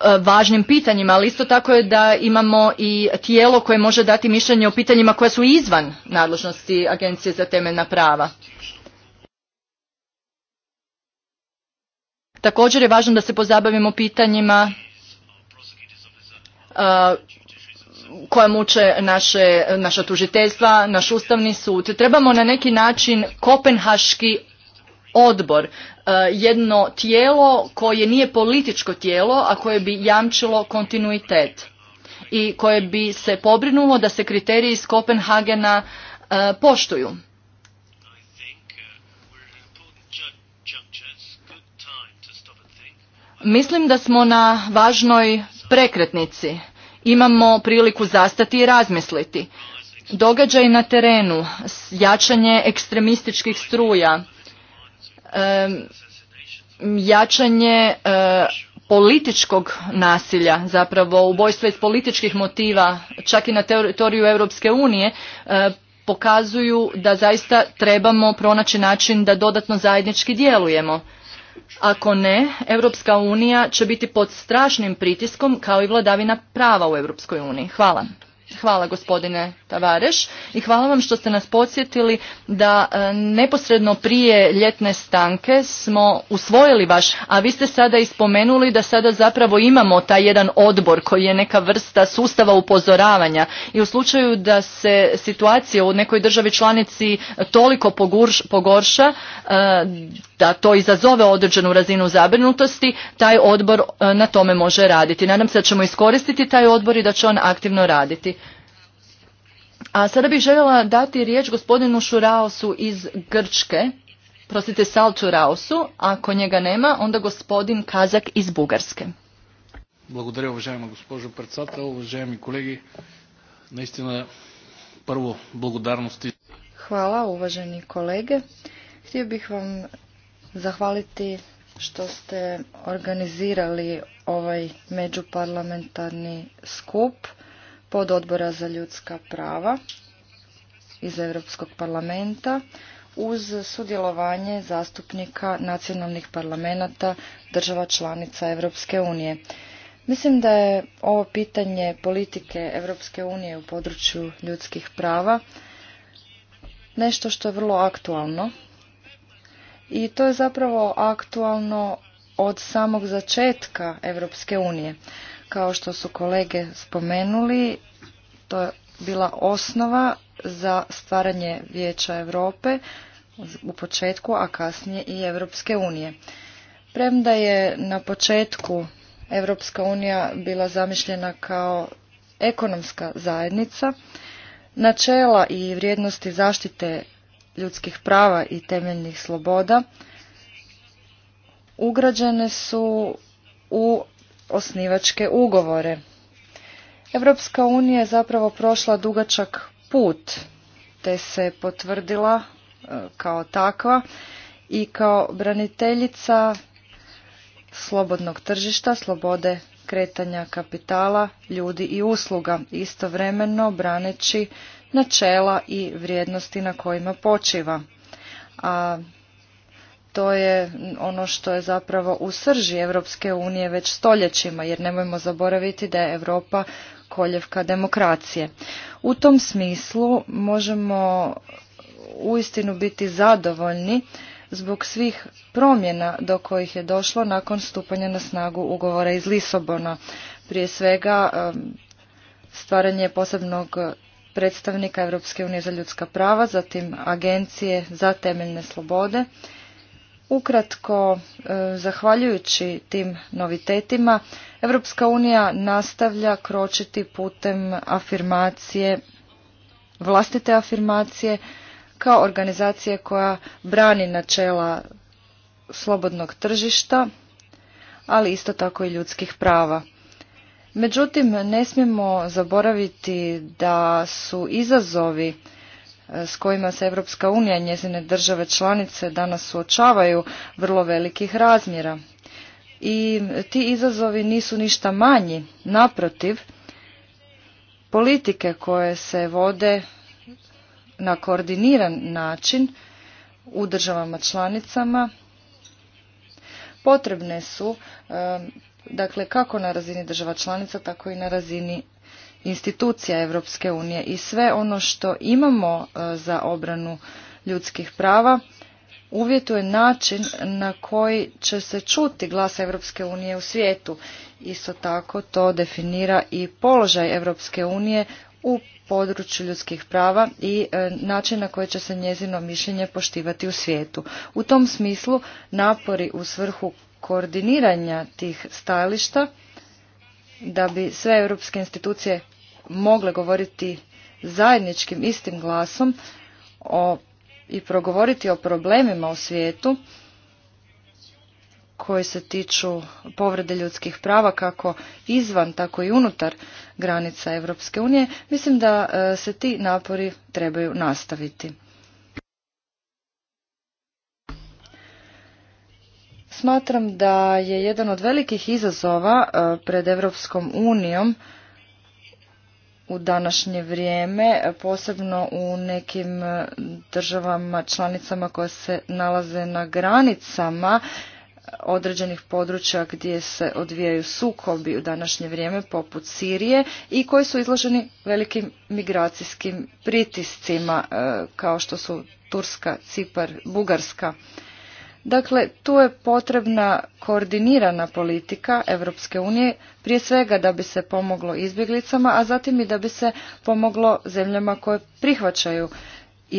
E, važnim pitanjima, ali isto tako je da imamo i tijelo koje može dati mišljenje o pitanjima koja su izvan nadležnosti Agencije za temeljna prava. Također je važno da se pozabavimo pitanjima e, koja muče naše, naša tužiteljstva, naš ustavni sud. Trebamo na neki način kopenhaški odbor, e, jedno tijelo koje nije političko tijelo, a koje bi jamčilo kontinuitet i koje bi se pobrinulo da se kriteriji iz Kopenhagena e, poštuju. Mislim da smo na važnoj prekretnici. Imamo priliku zastati i razmisliti. Događaj na terenu, jačanje ekstremističkih struja, jačanje e, političkog nasilja, zapravo ubojstva iz političkih motiva, čak i na teritoriju Europske unije, e, pokazuju da zaista trebamo pronaći način da dodatno zajednički djelujemo. Ako ne, Europska unija će biti pod strašnim pritiskom kao i vladavina prava u Europskoj uniji. Hvala. Hvala gospodine Tavareš i hvala vam što ste nas podsjetili da e, neposredno prije ljetne stanke smo usvojili vaš, a vi ste sada ispomenuli da sada zapravo imamo taj jedan odbor koji je neka vrsta sustava upozoravanja i u slučaju da se situacija u nekoj državi članici toliko pogorša e, da to izazove određenu razinu zabrinutosti, taj odbor e, na tome može raditi. Nadam se da ćemo iskoristiti taj odbor i da će on aktivno raditi. A sada bih željela dati riječ gospodinu Šuraosu iz Grčke, Prostite, Salču Raosu. ako njega nema, onda gospodin Kazak iz Bugarske. kolegi. na prvo Hvala, uvaženi kolege. Htio bih vam zahvaliti što ste organizirali ovaj međuparlamentarni skup pod odbora za ljudska prava iz Europskog parlamenta uz sudjelovanje zastupnika nacionalnih parlamenta država članica Europske unije. Mislim da je ovo pitanje politike Europske unije u području ljudskih prava nešto što je vrlo aktualno i to je zapravo aktualno od samog začetka Europske unije. Kao što su kolege spomenuli, to je bila osnova za stvaranje Vijeća Europe u početku, a kasnije i Europske unije. Premda je na početku Europska unija bila zamišljena kao ekonomska zajednica, načela i vrijednosti zaštite ljudskih prava i temeljnih sloboda ugrađene su u osnivačke ugovore. Europska unija je zapravo prošla dugačak put, te se potvrdila e, kao takva i kao braniteljica slobodnog tržišta, slobode kretanja kapitala, ljudi i usluga, istovremeno braneći načela i vrijednosti na kojima počiva. A to je ono što je zapravo u srži Evropske unije već stoljećima, jer nemojmo zaboraviti da je Europa koljevka demokracije. U tom smislu možemo uistinu biti zadovoljni zbog svih promjena do kojih je došlo nakon stupanja na snagu ugovora iz Lisobona. Prije svega stvaranje posebnog predstavnika Evropske unije za ljudska prava, zatim agencije za temeljne slobode Ukratko, e, zahvaljujući tim novitetima, Europska unija nastavlja kročiti putem afirmacije, vlastite afirmacije, kao organizacije koja brani načela slobodnog tržišta, ali isto tako i ljudskih prava. Međutim, ne smijemo zaboraviti da su izazovi s kojima se Europska unija i njezine države članice danas suočavaju vrlo velikih razmjera. I ti izazovi nisu ništa manji, naprotiv, politike koje se vode na koordiniran način u državama članicama potrebne su eh, dakle kako na razini država članica tako i na razini institucija Europske unije i sve ono što imamo e, za obranu ljudskih prava uvjetuje način na koji će se čuti glas Europske unije u svijetu. Isto tako to definira i položaj Europske unije u području ljudskih prava i e, način na koji će se njezino mišljenje poštivati u svijetu. U tom smislu napori u svrhu koordiniranja tih stajališta da bi sve europske institucije mogle govoriti zajedničkim istim glasom o, i progovoriti o problemima u svijetu koji se tiču povrede ljudskih prava kako izvan tako i unutar granica Europske unije mislim da e, se ti napori trebaju nastaviti Smatram da je jedan od velikih izazova e, pred Europskom unijom u današnje vrijeme, e, posebno u nekim e, državama članicama koje se nalaze na granicama određenih područja gdje se odvijaju sukobi u današnje vrijeme poput Sirije i koji su izloženi velikim migracijskim pritiscima kao što su Turska, Cipar, Bugarska. Dakle, tu je potrebna koordinirana politika Europske unije, prije svega da bi se pomoglo izbjeglicama, a zatim i da bi se pomoglo zemljama koje prihvaćaju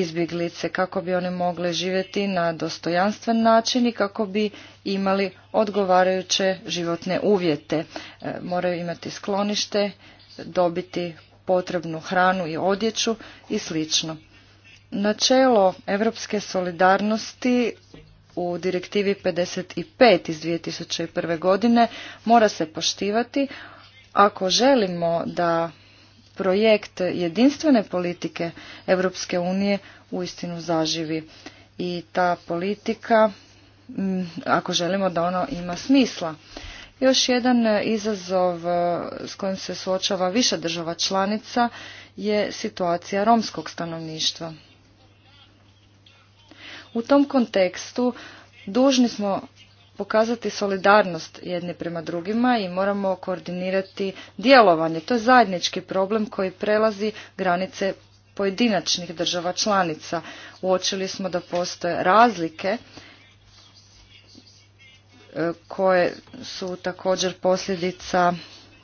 izbjeglice, kako bi one mogle živjeti na dostojanstven način i kako bi imali odgovarajuće životne uvjete. E, moraju imati sklonište, dobiti potrebnu hranu i odjeću i slično. Načelo europske solidarnosti u direktivi 55 iz 2001. godine mora se poštivati ako želimo da projekt jedinstvene politike Europske unije uistinu zaživi i ta politika ako želimo da ono ima smisla. Još jedan izazov e, s kojim se suočava više država članica je situacija romskog stanovništva. U tom kontekstu dužni smo pokazati solidarnost jedni prema drugima i moramo koordinirati djelovanje. To je zajednički problem koji prelazi granice pojedinačnih država članica. Uočili smo da postoje razlike e, koje su također posljedica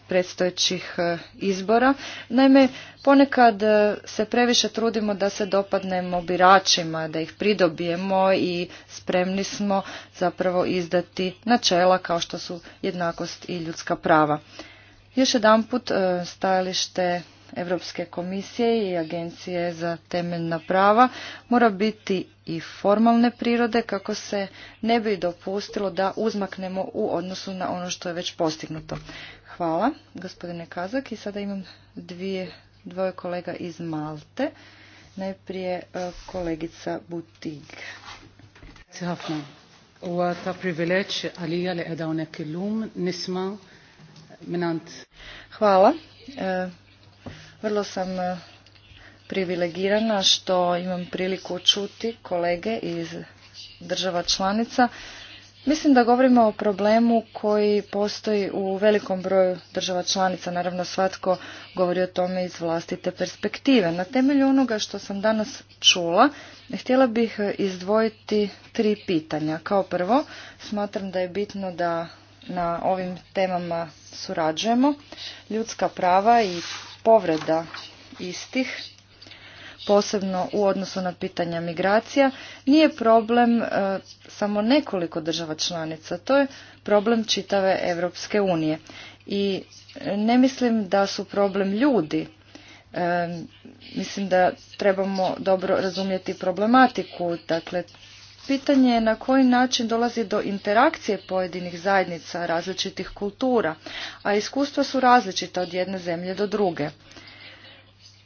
predstojećih e, izbora. Naime, ponekad e, se previše trudimo da se dopadnemo biračima, da ih pridobijemo i spremni smo zapravo izdati načela kao što su jednakost i ljudska prava. Još jedanput e, stajalište Europske komisije i Agencije za temeljna prava mora biti i formalne prirode kako se ne bi dopustilo da uzmaknemo u odnosu na ono što je već postignuto. Hvala, gospodine Kazak. I sada imam dvije, dvoje kolega iz Malte. Najprije e, kolegica Butig. Hvala. Hvala. E, vrlo sam e, privilegirana što imam priliku čuti kolege iz država članica Mislim da govorimo o problemu koji postoji u velikom broju država članica. Naravno, svatko govori o tome iz vlastite perspektive. Na temelju onoga što sam danas čula, htjela bih izdvojiti tri pitanja. Kao prvo, smatram da je bitno da na ovim temama surađujemo. Ljudska prava i povreda istih posebno u odnosu na pitanja migracija, nije problem e, samo nekoliko država članica, to je problem čitave Europske unije. I ne mislim da su problem ljudi, e, mislim da trebamo dobro razumjeti problematiku, dakle pitanje je na koji način dolazi do interakcije pojedinih zajednica različitih kultura, a iskustva su različita od jedne zemlje do druge.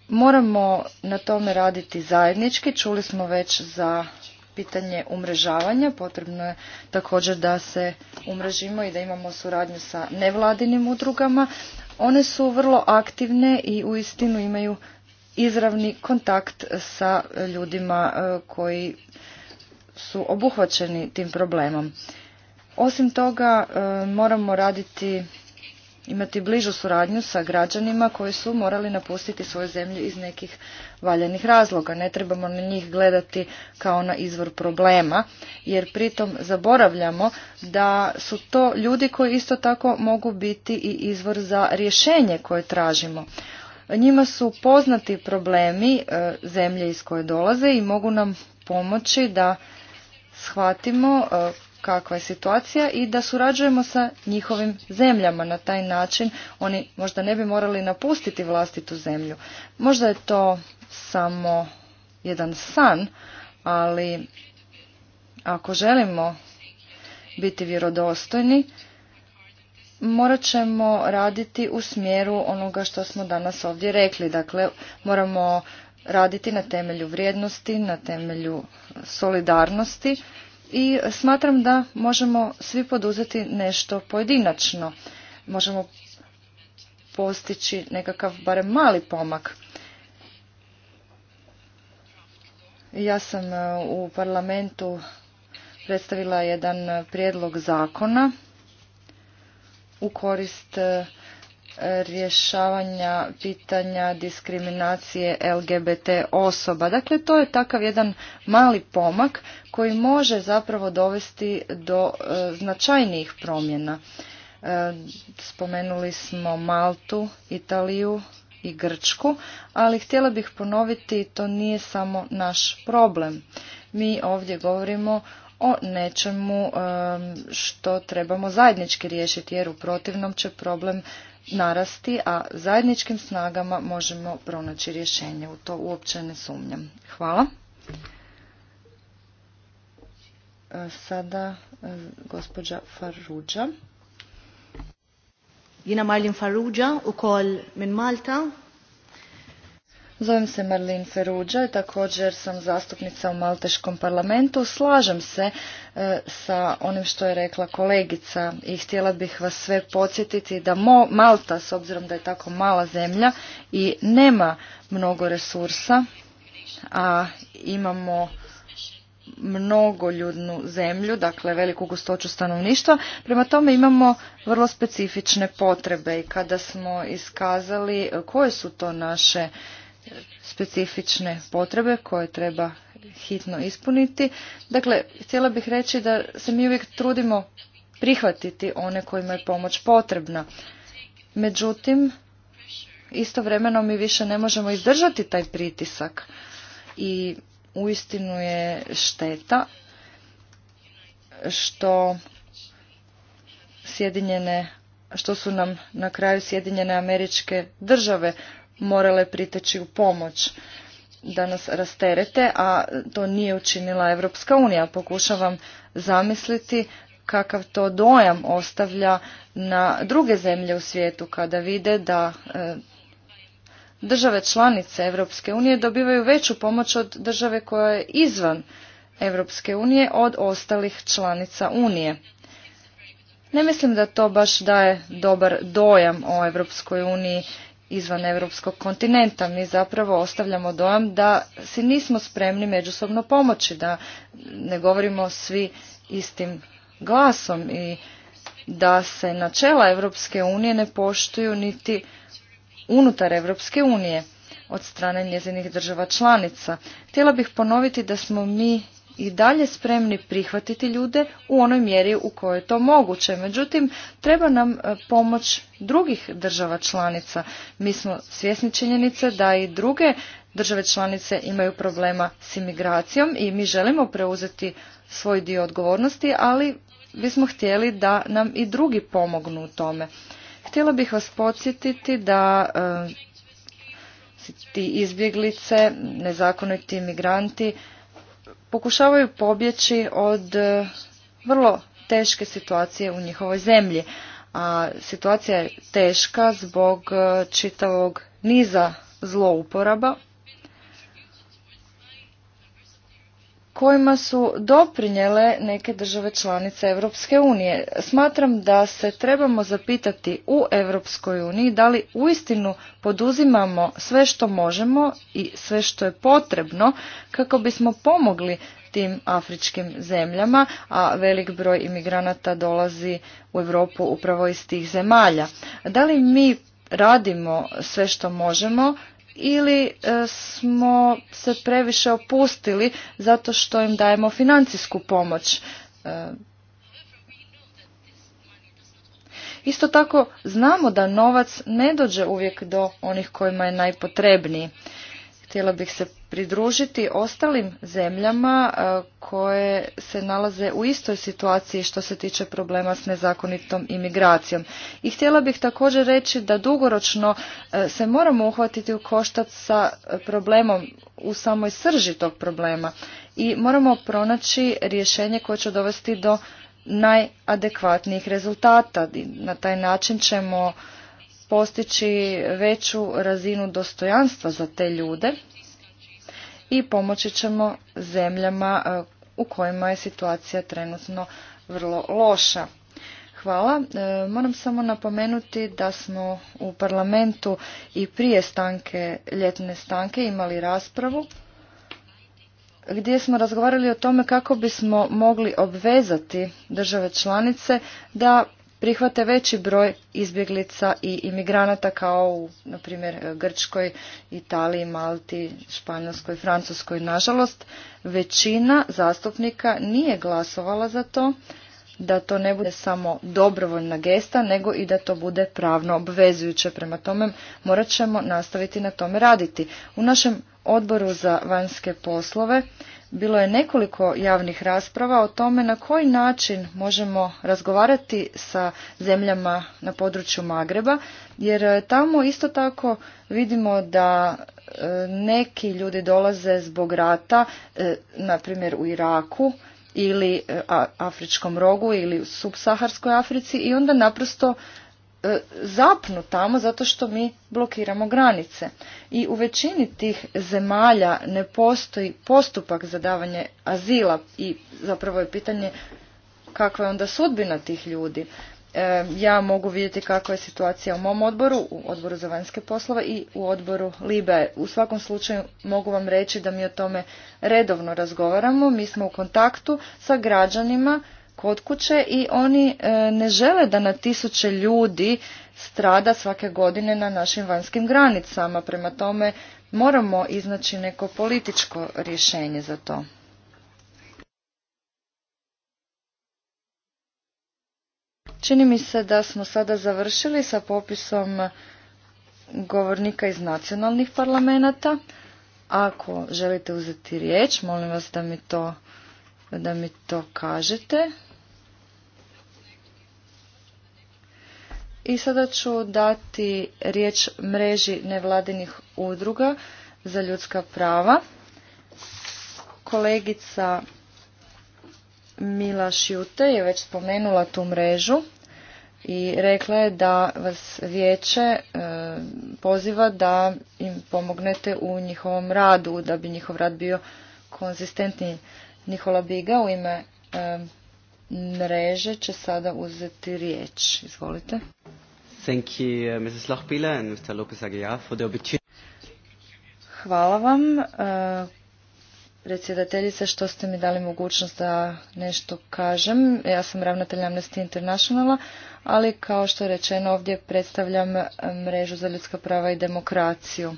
Moramo na tome raditi zajednički. Čuli smo već za pitanje umrežavanja. Potrebno je također da se umrežimo i da imamo suradnju sa nevladinim udrugama. One su vrlo aktivne i uistinu imaju izravni kontakt sa ljudima e, koji su obuhvaćeni tim problemom. Osim toga e, moramo raditi imati bližu suradnju sa građanima koji su morali napustiti svoju zemlju iz nekih valjanih razloga. Ne trebamo na njih gledati kao na izvor problema, jer pritom zaboravljamo da su to ljudi koji isto tako mogu biti i izvor za rješenje koje tražimo. Njima su poznati problemi e, zemlje iz koje dolaze i mogu nam pomoći da shvatimo e, kakva je situacija i da surađujemo sa njihovim zemljama. Na taj način oni možda ne bi morali napustiti vlastitu zemlju. Možda je to samo jedan san, ali ako želimo biti vjerodostojni, morat ćemo raditi u smjeru onoga što smo danas ovdje rekli. Dakle, moramo raditi na temelju vrijednosti, na temelju solidarnosti i smatram da možemo svi poduzeti nešto pojedinačno. Možemo postići nekakav barem mali pomak. Ja sam e, u parlamentu predstavila jedan prijedlog zakona u korist e, rješavanja pitanja diskriminacije LGBT osoba. Dakle, to je takav jedan mali pomak koji može zapravo dovesti do e, značajnijih promjena. E, spomenuli smo Maltu, Italiju i Grčku, ali htjela bih ponoviti, to nije samo naš problem. Mi ovdje govorimo o nečemu e, što trebamo zajednički riješiti jer u protivnom će problem narasti, a zajedničkim snagama možemo pronaći rješenje. U to uopće ne sumnjam. Hvala. E, sada e, gospođa Faruđa. Jina Marlin Faruđa, u kol min Malta. Zovem se Marlin Feruđa i također sam zastupnica u Malteškom parlamentu. Slažem se E, sa onim što je rekla kolegica i htjela bih vas sve podsjetiti da Malta, s obzirom da je tako mala zemlja i nema mnogo resursa, a imamo mnogoljudnu zemlju, dakle veliku gustoću stanovništva. Prema tome imamo vrlo specifične potrebe i kada smo iskazali koje su to naše specifične potrebe koje treba hitno ispuniti. Dakle, htjela bih reći da se mi uvijek trudimo prihvatiti one kojima je pomoć potrebna. Međutim, istovremeno mi više ne možemo izdržati taj pritisak i uistinu je šteta što Sjedinjene što su nam na kraju Sjedinjene američke države morale priteći u pomoć da nas rasterete, a to nije učinila Europska unija. Pokušavam zamisliti kakav to dojam ostavlja na druge zemlje u svijetu kada vide da e, države članice Europske unije dobivaju veću pomoć od države koja je izvan Europske unije od ostalih članica unije. Ne mislim da to baš daje dobar dojam o Europskoj uniji izvan europskog kontinenta. Mi zapravo ostavljamo dojam da si nismo spremni međusobno pomoći, da ne govorimo svi istim glasom i da se načela Europske unije ne poštuju niti unutar Europske unije od strane njezinih država članica. Htjela bih ponoviti da smo mi i dalje spremni prihvatiti ljude u onoj mjeri u kojoj je to moguće. Međutim, treba nam e, pomoć drugih država članica. Mi smo svjesni činjenice da i druge države članice imaju problema s imigracijom i mi želimo preuzeti svoj dio odgovornosti, ali bismo htjeli da nam i drugi pomognu u tome. Htjela bih vas podsjetiti da e, ti izbjeglice, nezakoniti imigranti pokušavaju pobjeći od e, vrlo teške situacije u njihovoj zemlji. A situacija je teška zbog e, čitavog niza zlouporaba kojima su doprinjele neke države članice Europske unije. Smatram da se trebamo zapitati u Europskoj uniji da li uistinu poduzimamo sve što možemo i sve što je potrebno kako bismo pomogli tim afričkim zemljama, a velik broj imigranata dolazi u Europu upravo iz tih zemalja. Da li mi radimo sve što možemo ili e, smo se previše opustili zato što im dajemo financijsku pomoć. E, isto tako znamo da novac ne dođe uvijek do onih kojima je najpotrebniji. Htjela bih se pridružiti ostalim zemljama e, koje se nalaze u istoj situaciji što se tiče problema s nezakonitom imigracijom. I htjela bih također reći da dugoročno e, se moramo uhvatiti u koštac sa problemom u samoj srži tog problema i moramo pronaći rješenje koje će dovesti do najadekvatnijih rezultata. Na taj način ćemo postići veću razinu dostojanstva za te ljude i pomoći ćemo zemljama e, u kojima je situacija trenutno vrlo loša. Hvala. E, moram samo napomenuti da smo u parlamentu i prije stanke, ljetne stanke imali raspravu gdje smo razgovarali o tome kako bismo mogli obvezati države članice da prihvate veći broj izbjeglica i imigranata kao u, na primjer, Grčkoj, Italiji, Malti, Španjolskoj, Francuskoj. Nažalost, većina zastupnika nije glasovala za to da to ne bude samo dobrovoljna gesta, nego i da to bude pravno obvezujuće. Prema tome morat ćemo nastaviti na tome raditi. U našem odboru za vanjske poslove bilo je nekoliko javnih rasprava o tome na koji način možemo razgovarati sa zemljama na području Magreba, jer e, tamo isto tako vidimo da e, neki ljudi dolaze zbog rata, e, na primjer u Iraku ili Afričkom rogu ili u subsaharskoj Africi i onda naprosto E, zapnu tamo zato što mi blokiramo granice. I u većini tih zemalja ne postoji postupak za davanje azila i zapravo je pitanje kakva je onda sudbina tih ljudi. E, ja mogu vidjeti kakva je situacija u mom odboru, u odboru za vanjske poslove i u odboru Libe. U svakom slučaju mogu vam reći da mi o tome redovno razgovaramo. Mi smo u kontaktu sa građanima kod kuće i oni e, ne žele da na tisuće ljudi strada svake godine na našim vanjskim granicama. Prema tome moramo iznaći neko političko rješenje za to. Čini mi se da smo sada završili sa popisom govornika iz nacionalnih parlamenata. Ako želite uzeti riječ, molim vas da mi to, da mi to kažete. I sada ću dati riječ mreži nevladinih udruga za ljudska prava. Kolegica Mila Šjute je već spomenula tu mrežu i rekla je da vas vijeće e, poziva da im pomognete u njihovom radu, da bi njihov rad bio konzistentniji. Nikola Biga u ime e, mreže će sada uzeti riječ. Izvolite. Thank you, uh, Hvala vam, uh, predsjedateljice, što ste mi dali mogućnost da nešto kažem. Ja sam ravnatelj Amnesty Internationala, ali kao što je rečeno ovdje predstavljam uh, mrežu za ljudska prava i demokraciju.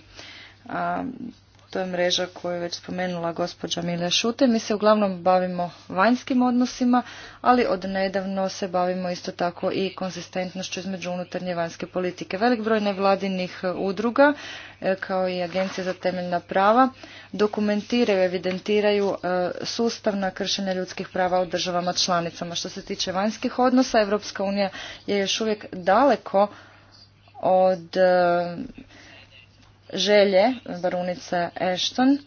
To je mreža koju je već spomenula gospođa Milja Šute. Mi se uglavnom bavimo vanjskim odnosima, ali od nedavno se bavimo isto tako i konzistentnošću između unutarnje vanjske politike. Velik broj nevladinih udruga, e, kao i Agencije za temeljna prava, dokumentiraju, evidentiraju e, sustavna kršenja ljudskih prava u državama članicama. Što se tiče vanjskih odnosa, Europska unija je još uvijek daleko od e, želje barunice Ashton,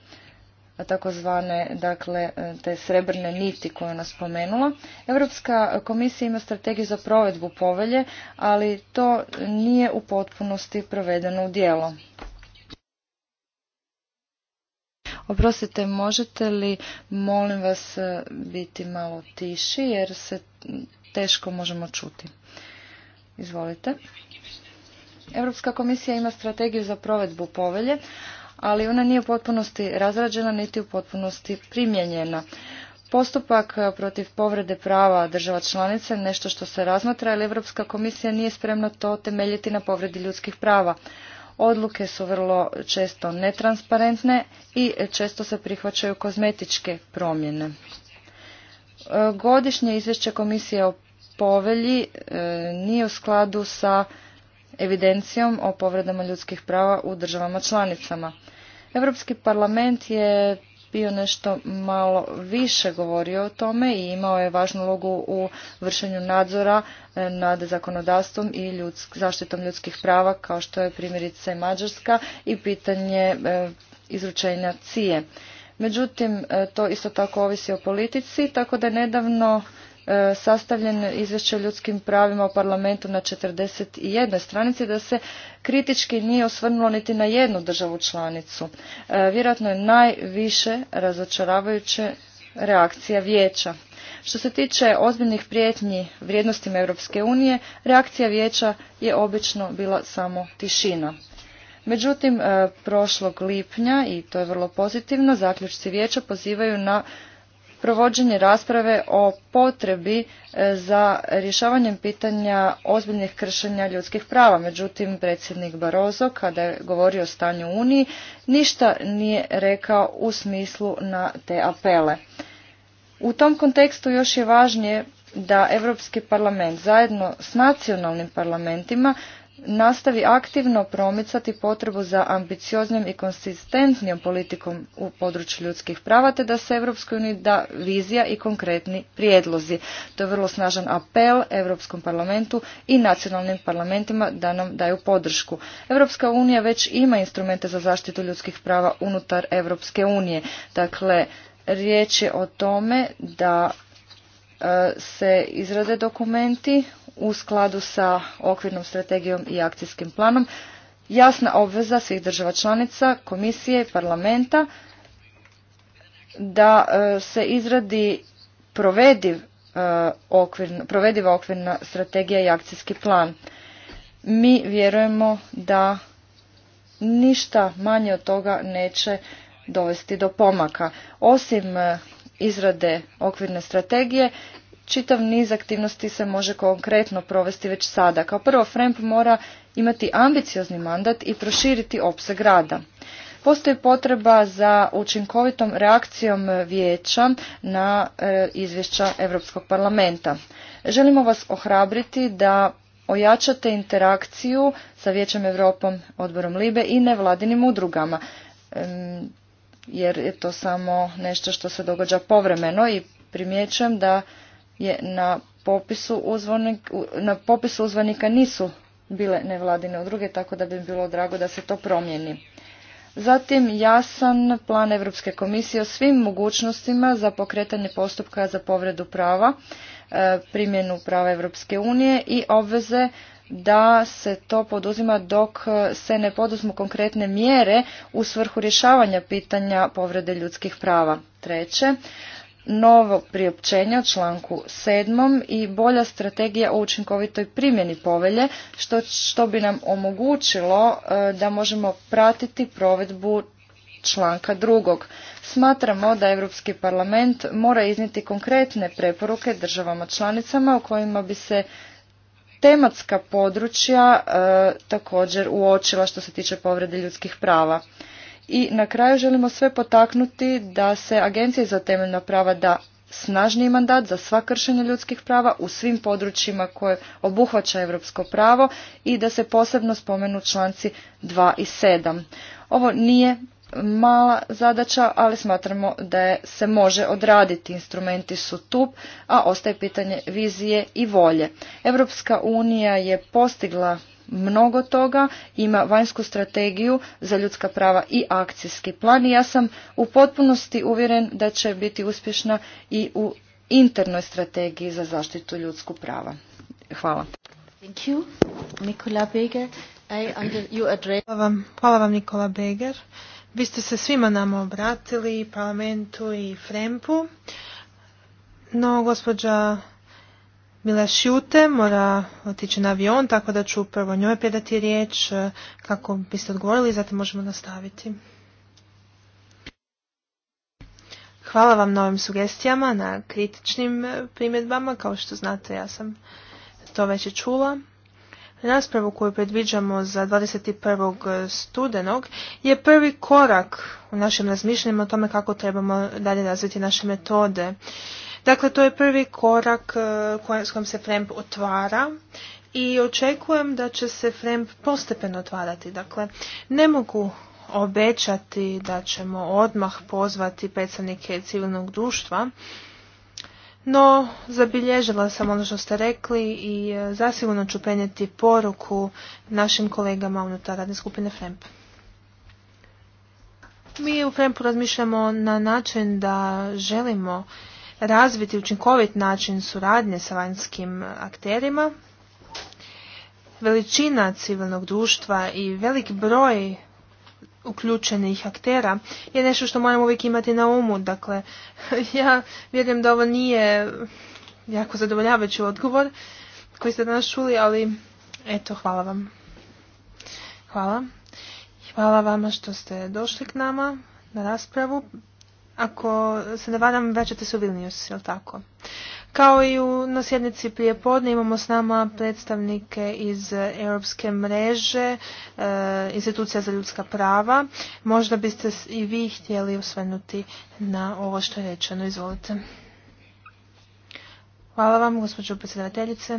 takozvane dakle te srebrne niti koje ona spomenula. Europska komisija ima strategiju za provedbu povelje, ali to nije u potpunosti provedeno u djelo. Oprostite, možete li molim vas biti malo tiši jer se teško možemo čuti. Izvolite. Europska komisija ima strategiju za provedbu povelje, ali ona nije u potpunosti razrađena niti u potpunosti primijenjena. Postupak e, protiv povrede prava država članice nešto što se razmatra, ali Europska komisija nije spremna to temeljiti na povredi ljudskih prava. Odluke su vrlo često netransparentne i često se prihvaćaju kozmetičke promjene. E, godišnje izvješće komisije o povelji e, nije u skladu sa evidencijom o povredama ljudskih prava u državama članicama. Europski parlament je bio nešto malo više govorio o tome i imao je važnu ulogu u vršenju nadzora e, nad zakonodavstvom i zaštitom ljudskih prava kao što je primjerice Mađarska i pitanje e, izručenja cije. Međutim, e, to isto tako ovisi o politici, tako da je nedavno E, sastavljen izvješće o ljudskim pravima u parlamentu na 41 stranici da se kritički nije osvrnulo niti na jednu državu članicu. E, vjerojatno je najviše razočaravajuće reakcija vijeća. Što se tiče ozbiljnih prijetnji vrijednostima Europske unije, reakcija vijeća je obično bila samo tišina. Međutim, e, prošlog lipnja, i to je vrlo pozitivno, zaključci vijeća pozivaju na provođenje rasprave o potrebi e, za rješavanjem pitanja ozbiljnih kršenja ljudskih prava. Međutim, predsjednik Barozo, kada je govorio o stanju Uniji, ništa nije rekao u smislu na te apele. U tom kontekstu još je važnije da Europski parlament zajedno s nacionalnim parlamentima nastavi aktivno promicati potrebu za ambicioznim i konsistentnijom politikom u području ljudskih prava te da se Europskoj uniji da vizija i konkretni prijedlozi. To je vrlo snažan apel Europskom parlamentu i nacionalnim parlamentima da nam daju podršku. Europska unija već ima instrumente za zaštitu ljudskih prava unutar Europske unije. Dakle, riječ je o tome da e, se izrade dokumenti u skladu sa okvirnom strategijom i akcijskim planom jasna obveza svih država članica, komisije i parlamenta da e, se izradi provediv e, provediva okvirna strategija i akcijski plan. Mi vjerujemo da ništa manje od toga neće dovesti do pomaka. Osim e, izrade okvirne strategije, čitav niz aktivnosti se može konkretno provesti već sada. Kao prvo, FREMP mora imati ambiciozni mandat i proširiti opseg rada. Postoji potreba za učinkovitom reakcijom vijeća na e, izvješća Europskog parlamenta. Želimo vas ohrabriti da ojačate interakciju sa Vijećem Europom, odborom Libe i nevladinim udrugama jer je to samo nešto što se događa povremeno i primjećujem da je na popisu, uzvornika na popisu uzvanika nisu bile nevladine udruge, tako da bi bilo drago da se to promijeni. Zatim jasan plan Europske komisije o svim mogućnostima za pokretanje postupka za povredu prava, e, primjenu prava Europske unije i obveze da se to poduzima dok se ne poduzmu konkretne mjere u svrhu rješavanja pitanja povrede ljudskih prava. Treće, novo priopćenje o članku 7. i bolja strategija o učinkovitoj primjeni povelje, što, bi nam omogućilo e, da možemo pratiti provedbu članka drugog. Smatramo da Europski parlament mora izniti konkretne preporuke državama članicama u kojima bi se tematska područja e, također uočila što se tiče povrede ljudskih prava. I na kraju želimo sve potaknuti da se Agencija za temeljna prava da snažniji mandat za sva kršenja ljudskih prava u svim područjima koje obuhvaća europsko pravo i da se posebno spomenu članci 2 i 7. Ovo nije mala zadaća, ali smatramo da se može odraditi. Instrumenti su tu, a ostaje pitanje vizije i volje. Europska unija je postigla mnogo toga, ima vanjsku strategiju za ljudska prava i akcijski plan i ja sam u potpunosti uvjeren da će biti uspješna i u internoj strategiji za zaštitu ljudskog prava. Hvala. Thank you. Nikola Beger. Hvala vam, Nikola Beger. Vi ste se svima nama obratili, parlamentu i Frempu. No, gospođa Mila šute mora otići na avion, tako da ću prvo njoj predati riječ e, kako biste odgovorili i zatim možemo nastaviti. Hvala vam na ovim sugestijama, na kritičnim e, primjedbama. Kao što znate, ja sam to već i čula. Raspravu koju predviđamo za 21. studenog je prvi korak u našim razmišljenjima o tome kako trebamo dalje razviti naše metode Dakle, to je prvi korak e, s kojim se FREMP otvara i očekujem da će se FREMP postepeno otvarati. Dakle, ne mogu obećati da ćemo odmah pozvati predstavnike civilnog društva, no zabilježila sam ono što ste rekli i e, zasigurno ću prenijeti poruku našim kolegama unutar radne skupine FREMP. Mi u FREMP-u razmišljamo na način da želimo razviti učinkovit način suradnje sa vanjskim akterima. Veličina civilnog društva i velik broj uključenih aktera je nešto što moramo uvijek imati na umu. Dakle, (laughs) ja vjerujem da ovo nije jako zadovoljavajući odgovor koji ste danas čuli, ali eto, hvala vam. Hvala. Hvala vama što ste došli k nama na raspravu. Ako se ne varam, vraćate se u Vilnius, je tako? Kao i u, na sjednici prije podne imamo s nama predstavnike iz Europske mreže, e, institucija za ljudska prava. Možda biste i vi htjeli osvrnuti na ovo što je rečeno. Izvolite. Hvala vam, gospođo predsjedateljice.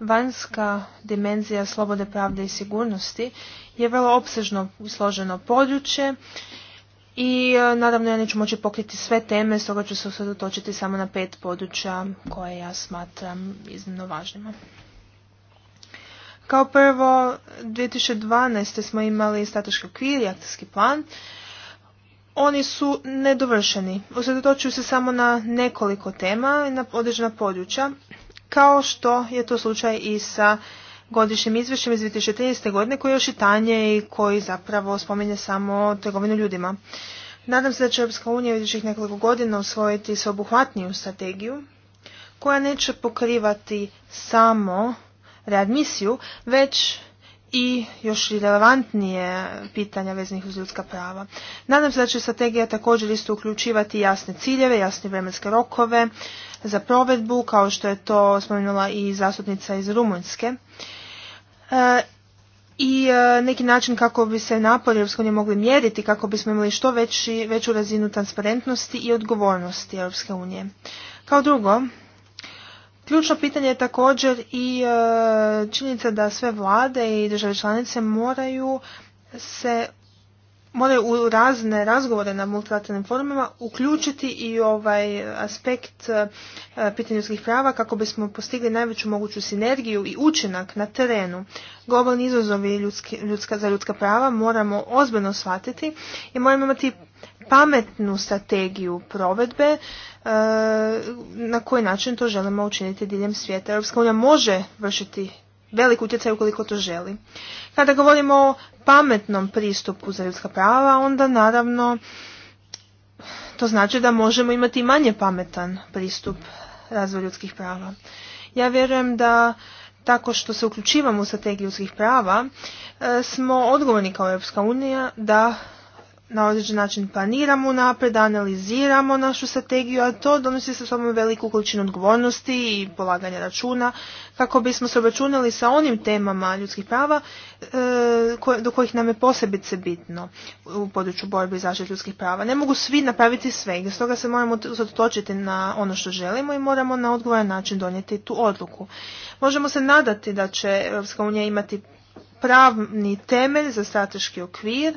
Vanjska dimenzija slobode, pravde i sigurnosti je vrlo opsežno i složeno područje i e, naravno ja neću moći pokriti sve teme, stoga ću se usredotočiti samo na pet područja koje ja smatram iznimno važnima. Kao prvo, 2012. smo imali strateški okvir i akcijski plan. Oni su nedovršeni. Usredotočuju se samo na nekoliko tema i na određena područja, kao što je to slučaj i sa godišnjim izvješćem iz 2013. godine koji je još i tanje i koji zapravo spominje samo trgovinu ljudima. Nadam se da će Europska unija u idućih nekoliko godina usvojiti sveobuhvatniju strategiju koja neće pokrivati samo readmisiju, već i još i relevantnije pitanja veznih uz ljudska prava. Nadam se da će strategija također isto uključivati jasne ciljeve, jasne vremenske rokove, za provedbu, kao što je to spomenula i zastupnica iz Rumunjske. E, I e, neki način kako bi se napori Europske unije mogli mjeriti, kako bismo imali što veći, veću razinu transparentnosti i odgovornosti Europske unije. Kao drugo, Ključno pitanje je također i e, činjenica da sve vlade i države članice moraju se moraju u razne razgovore na multilateralnim forumima uključiti i ovaj aspekt e, pitanja ljudskih prava kako bismo postigli najveću moguću sinergiju i učinak na terenu. Globalni izazovi ljudski, ljudska, za ljudska prava moramo ozbiljno shvatiti i moramo imati pametnu strategiju provedbe e, na koji način to želimo učiniti diljem svijeta. Europska unija može vršiti velik utjecaj ukoliko to želi. Kada govorimo o pametnom pristupu za ljudska prava, onda naravno to znači da možemo imati manje pametan pristup razvoju ljudskih prava. Ja vjerujem da tako što se uključivamo u strategiju ljudskih prava, e, smo odgovorni kao Europska unija da na određen način planiramo napred, analiziramo našu strategiju, a to donosi sa sobom veliku količinu odgovornosti i polaganja računa kako bismo se obračunali sa onim temama ljudskih prava e, do kojih nam je posebice bitno u području borbe i zaštite ljudskih prava. Ne mogu svi napraviti sve i stoga se moramo zatočiti na ono što želimo i moramo na odgovoran način donijeti tu odluku. Možemo se nadati da će EU imati pravni temelj za strateški okvir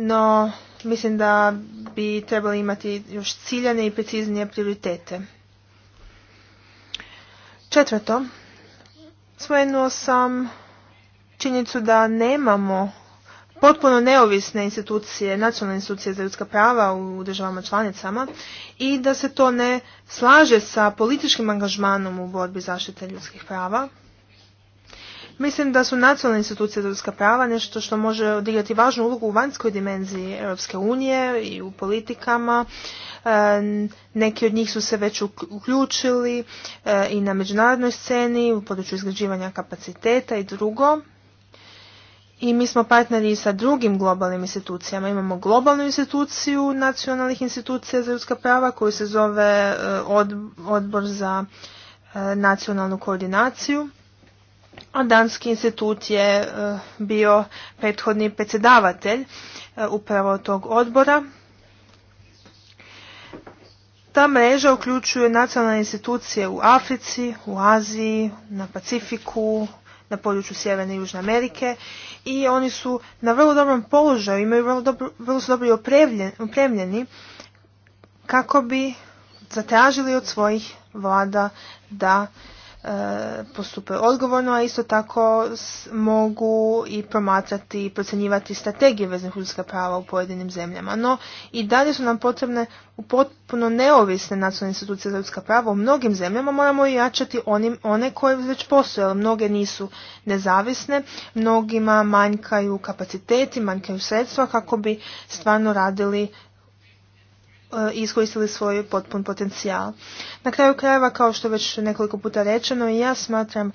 no mislim da bi trebali imati još ciljane i preciznije prioritete. Četvrto, spomenuo sam činjenicu da nemamo potpuno neovisne institucije, nacionalne institucije za ljudska prava u državama članicama i da se to ne slaže sa političkim angažmanom u borbi zaštite ljudskih prava. Mislim da su nacionalne institucije za ljudska prava nešto što može odigrati važnu ulogu u vanjskoj dimenziji Europske unije i u politikama. E, neki od njih su se već uključili e, i na međunarodnoj sceni u području izgrađivanja kapaciteta i drugo. I mi smo partneri sa drugim globalnim institucijama. Imamo globalnu instituciju nacionalnih institucija za ljudska prava koju se zove e, Odbor za nacionalnu koordinaciju a Danski institut je e, bio prethodni predsjedavatelj e, upravo tog odbora. Ta mreža uključuje nacionalne institucije u Africi, u Aziji, na Pacifiku, na području Sjeverne i Južne Amerike i oni su na vrlo dobrom položaju, imaju vrlo, dobro, vrlo dobro opremljeni kako bi zatražili od svojih vlada da E, postupe odgovorno, a isto tako mogu i promatrati i procjenjivati strategije veznih ljudska prava u pojedinim zemljama. No i dalje su nam potrebne potpuno neovisne nacionalne institucije za ljudska prava. U mnogim zemljama moramo i jačati onim, one koje već postoje, ali mnoge nisu nezavisne, mnogima manjkaju kapaciteti, manjkaju sredstva kako bi stvarno radili iskoristili svoj potpun potencijal. Na kraju krajeva, kao što je već nekoliko puta rečeno, i ja smatram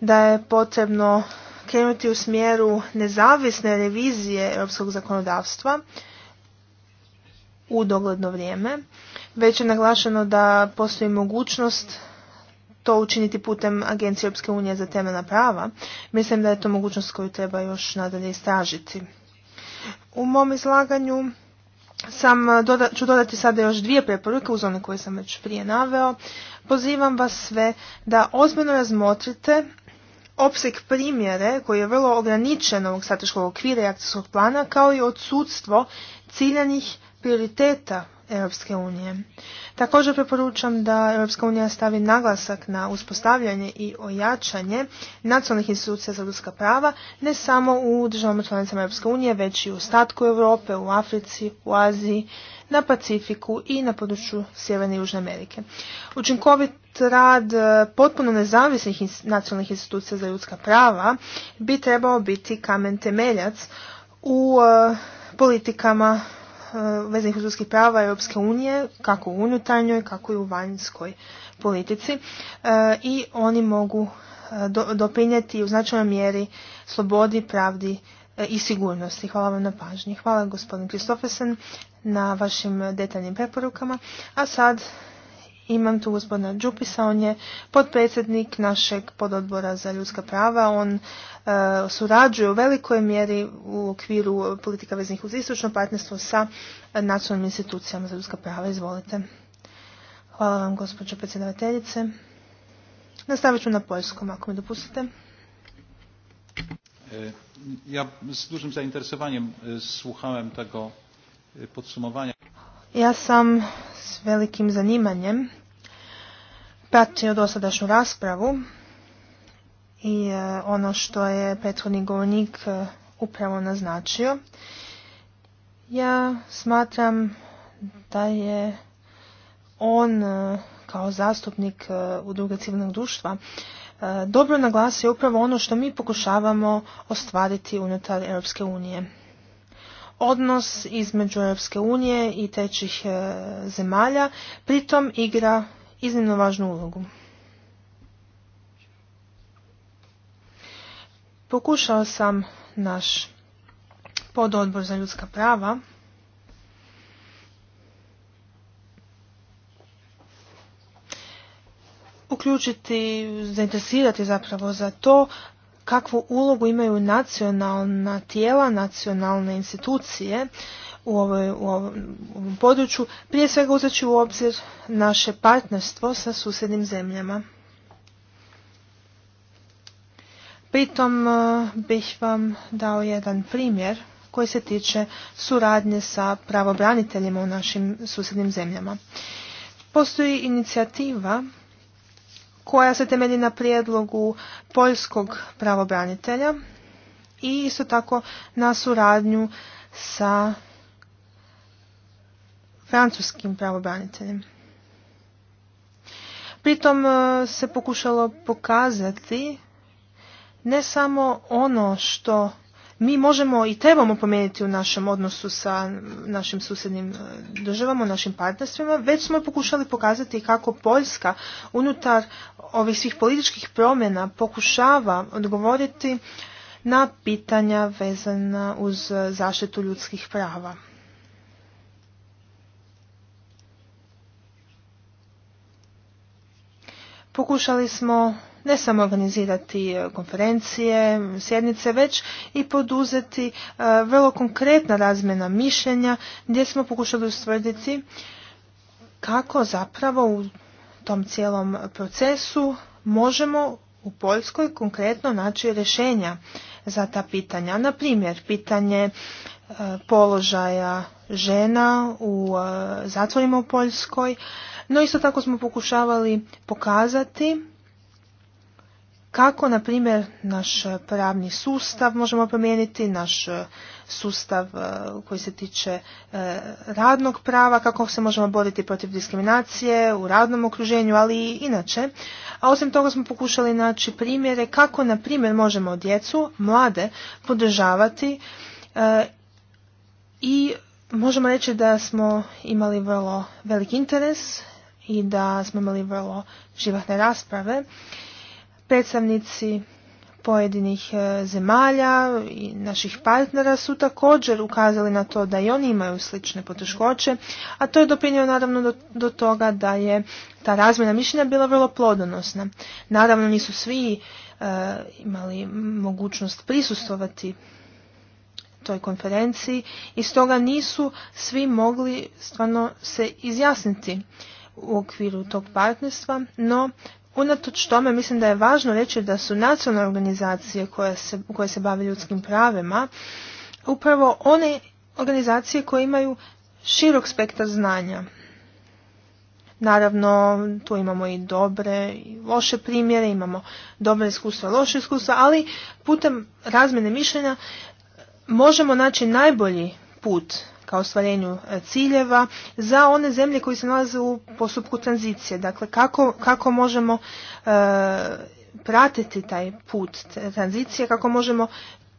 da je potrebno krenuti u smjeru nezavisne revizije europskog zakonodavstva u dogledno vrijeme. Već je naglašeno da postoji mogućnost to učiniti putem Agencije Europske unije za temeljna prava. Mislim da je to mogućnost koju treba još nadalje istražiti. U mom izlaganju sam e, ću dodati sada još dvije preporuke uz one koje sam već prije naveo. Pozivam vas sve da ozbiljno razmotrite opseg primjere koji je vrlo ograničen ovog strateškog okvira i akcijskog plana kao i odsudstvo ciljanih prioriteta Europske unije. Također preporučam da Europska unija stavi naglasak na uspostavljanje i ojačanje nacionalnih institucija za ljudska prava, ne samo u državama članicama Europske unije, već i u statku Europe, u Africi, u Aziji, na Pacifiku i na području Sjeverne i Južne Amerike. Učinkovit rad e, potpuno nezavisnih nacionalnih institucija za ljudska prava bi trebao biti kamen temeljac u e, politikama Eh, vezanih uz ljudskih prava Europske unije, kako u unutarnjoj, kako i u vanjskoj politici eh, i oni mogu eh, doprinjeti u značajnoj mjeri slobodi, pravdi i sigurnosti. Hvala vam na pažnji. Hvala gospodin Kristofesen na vašim detaljnim preporukama. A sad imam tu gospodina Đupisa, on je potpredsjednik našeg pododbora za ljudska prava. On e, surađuje u velikoj mjeri u okviru politika veznih uz istočno partnerstvo sa nacionalnim institucijama za ljudska prava. Izvolite. Hvala vam gospođo predsjedavateljice. Nastavit ću na poljskom ako mi dopustite. E, ja s dužim zainteresovanjem e, tego Ja sam s velikim zanimanjem pratio dosadašnju raspravu i e, ono što je prethodni govornik e, upravo naznačio, ja smatram da je on e, kao zastupnik udruge civilnog društva dobro naglasio upravo ono što mi pokušavamo ostvariti unutar Europske unije. Odnos između Europske unije i trećih zemalja pritom igra iznimno važnu ulogu. Pokušao sam naš pododbor za ljudska prava uključiti, zainteresirati zapravo za to kakvu ulogu imaju nacionalna tijela, nacionalne institucije u, ovom području, prije svega uzeći u obzir naše partnerstvo sa susjednim zemljama. Pritom e, bih vam dao jedan primjer koji se tiče suradnje sa pravobraniteljima u našim susjednim zemljama. Postoji inicijativa koja se temelji na prijedlogu poljskog pravobranitelja i isto tako na suradnju sa francuskim pravobraniteljem. Pritom e, se pokušalo pokazati ne samo ono što mi možemo i trebamo pomijeniti u našem odnosu sa našim susjednim e, državama, našim partnerstvima, već smo pokušali pokazati kako Poljska unutar ovih svih političkih promjena pokušava odgovoriti na pitanja vezana uz e, zaštitu ljudskih prava. Pokušali smo ne samo organizirati e, konferencije, sjednice, već i poduzeti e, vrlo konkretna razmjena mišljenja gdje smo pokušali ustvrditi kako zapravo u tom cijelom procesu možemo u Poljskoj konkretno naći rješenja za ta pitanja. Na primjer, pitanje e, položaja žena u e, zatvorima u Poljskoj, no isto tako smo pokušavali pokazati kako, na primjer, naš eh, pravni sustav možemo promijeniti, naš eh, sustav eh, koji se tiče radnog prava, kako se možemo boriti protiv diskriminacije u radnom okruženju, ali i inače. A osim toga smo pokušali naći primjere kako, na primjer, možemo djecu, mlade, podržavati i možemo reći da smo imali vrlo velik interes i da smo imali vrlo živahne rasprave Predstavnici pojedinih e, zemalja i naših partnera su također ukazali na to da i oni imaju slične poteškoće, a to je doprinio naravno do, do toga da je ta razmjena mišljenja bila vrlo plodonosna. Naravno nisu svi e, imali mogućnost prisustovati toj konferenciji i stoga nisu svi mogli stvarno se izjasniti u okviru tog partnerstva, no Unatoč tome mislim da je važno reći da su nacionalne organizacije koje se, koje se bave ljudskim pravima upravo one organizacije koje imaju širok spektar znanja. Naravno, tu imamo i dobre i loše primjere, imamo dobre iskustva, loše iskustva, ali putem razmjene mišljenja možemo naći najbolji put ka ostvarenju e, ciljeva za one zemlje koji se nalaze u postupku tranzicije. Dakle, kako, kako možemo e, pratiti taj put tranzicije, kako možemo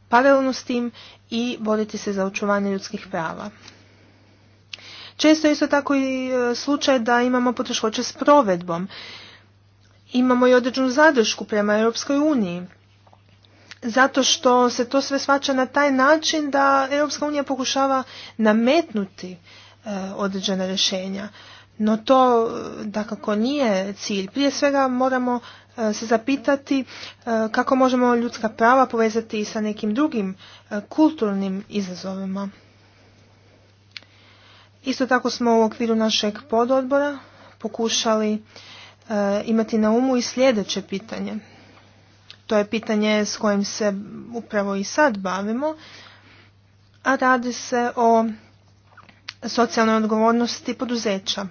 paralelno s tim i boriti se za očuvanje ljudskih prava. Često je isto tako i e, slučaj da imamo poteškoće s provedbom. Imamo i određenu zadršku prema Europskoj uniji zato što se to sve svača na taj način da Europska unija pokušava nametnuti e, određena rješenja. No to e, dakako nije cilj. Prije svega moramo e, se zapitati e, kako možemo ljudska prava povezati i sa nekim drugim kulturnim izazovima. Isto tako smo u okviru našeg pododbora pokušali imati na umu i sljedeće pitanje – to je pitanje s kojim se upravo i sad bavimo, a radi se o socijalnoj odgovornosti poduzeća.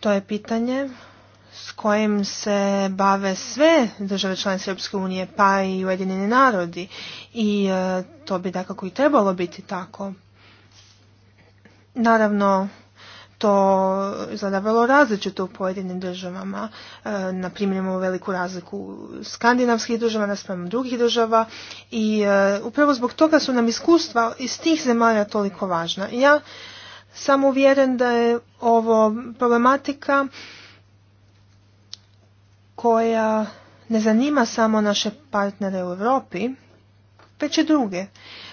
To je pitanje s kojim se bave sve države članice Europske unije, pa i Ujedinjeni narodi. I e, to bi dakako i trebalo biti tako. Naravno, to izgleda vrlo različito u pojedinim državama. E, Naprimjer imamo veliku razliku skandinavskih država naspram drugih država i e, upravo zbog toga su nam iskustva iz tih zemalja toliko važna. Ja sam uvjeren da je ovo problematika koja ne zanima samo naše partnere u Europi, već i druge.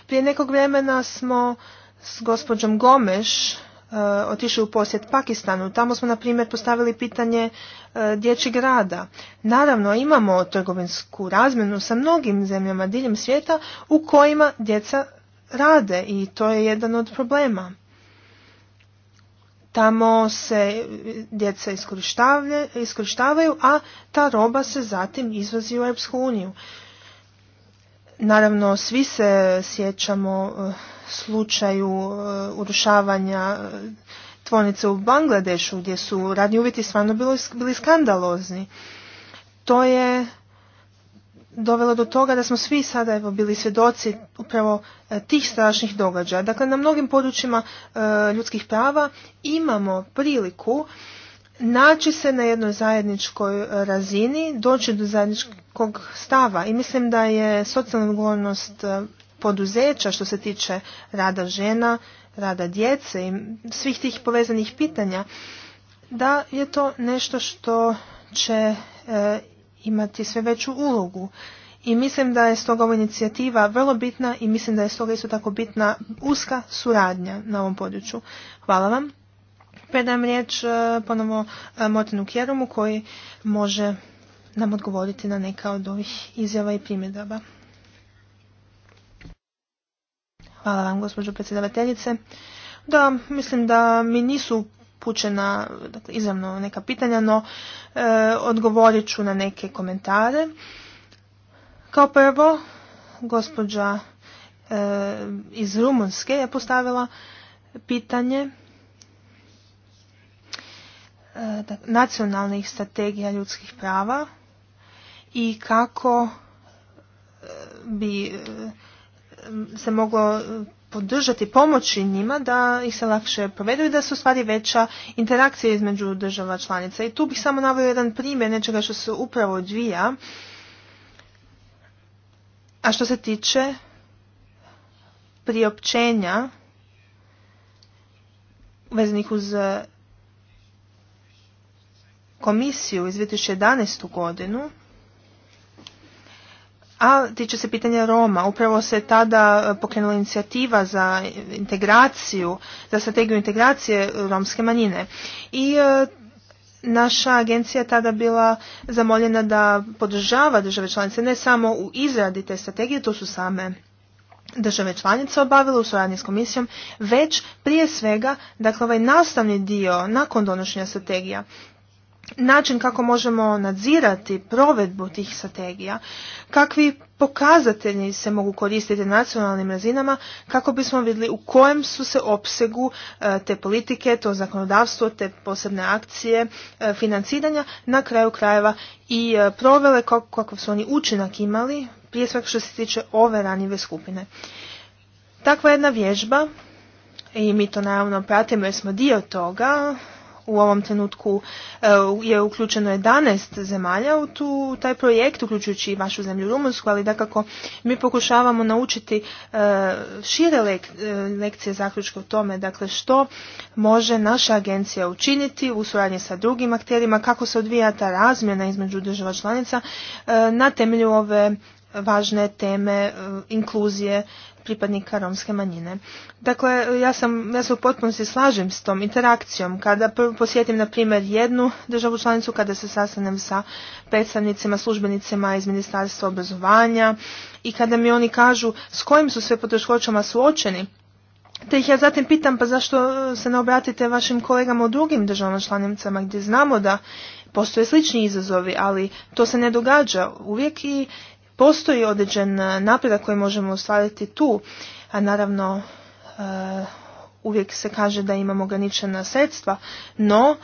Prije nekog vremena smo s gospođom Gomeš E, otišli u posjet Pakistanu. Tamo smo, na primjer, postavili pitanje e, dječjeg rada. Naravno, imamo trgovinsku razmjenu sa mnogim zemljama diljem svijeta u kojima djeca rade i to je jedan od problema. Tamo se djeca iskorištavaju, a ta roba se zatim izvozi u Europsku uniju. Naravno, svi se sjećamo e, slučaju e, urušavanja e, tvornice u Bangladešu gdje su radni uvjeti stvarno bili skandalozni. To je dovelo do toga da smo svi sada evo bili svjedoci upravo e, tih strašnih događaja. Dakle, na mnogim područjima ljudskih prava imamo priliku naći se na jednoj zajedničkoj razini, doći do zajedničkog stava i mislim da je socijalna odgovornost poduzeća što se tiče rada žena, rada djece i svih tih povezanih pitanja, da je to nešto što će e, imati sve veću ulogu. I mislim da je stoga ova inicijativa vrlo bitna i mislim da je stoga isto tako bitna uska suradnja na ovom području. Hvala vam. Predajem riječ e, ponovo e, Motinu Kjerumu koji može nam odgovoriti na neka od ovih izjava i primjedaba. Hvala vam, gospođo predsjedavateljice. Da, mislim da mi nisu pučena dakle, izravno neka pitanja, no e, odgovorit ću na neke komentare. Kao prvo, gospođa e, iz Rumunske je postavila pitanje e, nacionalnih strategija ljudskih prava i kako e, bi se moglo e, podržati, pomoći njima da ih se lakše provedu i da su stvari veća interakcija između država članica. I tu bih samo naveo jedan primjer nečega što se upravo odvija, a što se tiče priopćenja vezanih uz e, komisiju iz 2011. godinu, a tiče se pitanja Roma. Upravo se tada e, pokrenula inicijativa za integraciju, za strategiju integracije romske manjine. I e, naša agencija je tada bila zamoljena da podržava države članice ne samo u izradi te strategije, to su same države članice obavile u suradnji s komisijom, već prije svega, dakle ovaj nastavni dio nakon donošenja strategija, način kako možemo nadzirati provedbu tih strategija, kakvi pokazatelji se mogu koristiti na nacionalnim razinama kako bismo vidjeli u kojem su se opsegu e, te politike, to zakonodavstvo, te posebne akcije e, financiranja na kraju krajeva i e, provele kakav su oni učinak imali, prije svega što se tiče ove ranive skupine. Takva jedna vježba i mi to naravno pratimo jer smo dio toga, u ovom trenutku e, je uključeno 11 zemalja u tu, taj projekt, uključujući i vašu zemlju Rumunsku, ali dakako mi pokušavamo naučiti e, šire e, lekcije zaključke o tome, dakle što može naša agencija učiniti u suradnji sa drugim akterima, kako se odvija ta razmjena između država članica na temelju ove važne teme inkluzije pripadnika romske manjine. Dakle, ja, sam, ja se u potpunosti slažem s tom interakcijom. Kada posjetim, na primjer, jednu državu članicu, kada se sastanem sa predstavnicima, službenicima iz Ministarstva obrazovanja i kada mi oni kažu s kojim su sve poteškoćama suočeni, te ih ja zatim pitam pa zašto se ne obratite vašim kolegama u drugim državama članicama gdje znamo da postoje slični izazovi, ali to se ne događa uvijek i postoji određen e, napredak koji možemo ostvariti tu, a naravno e, uvijek se kaže da imamo ograničena sredstva, no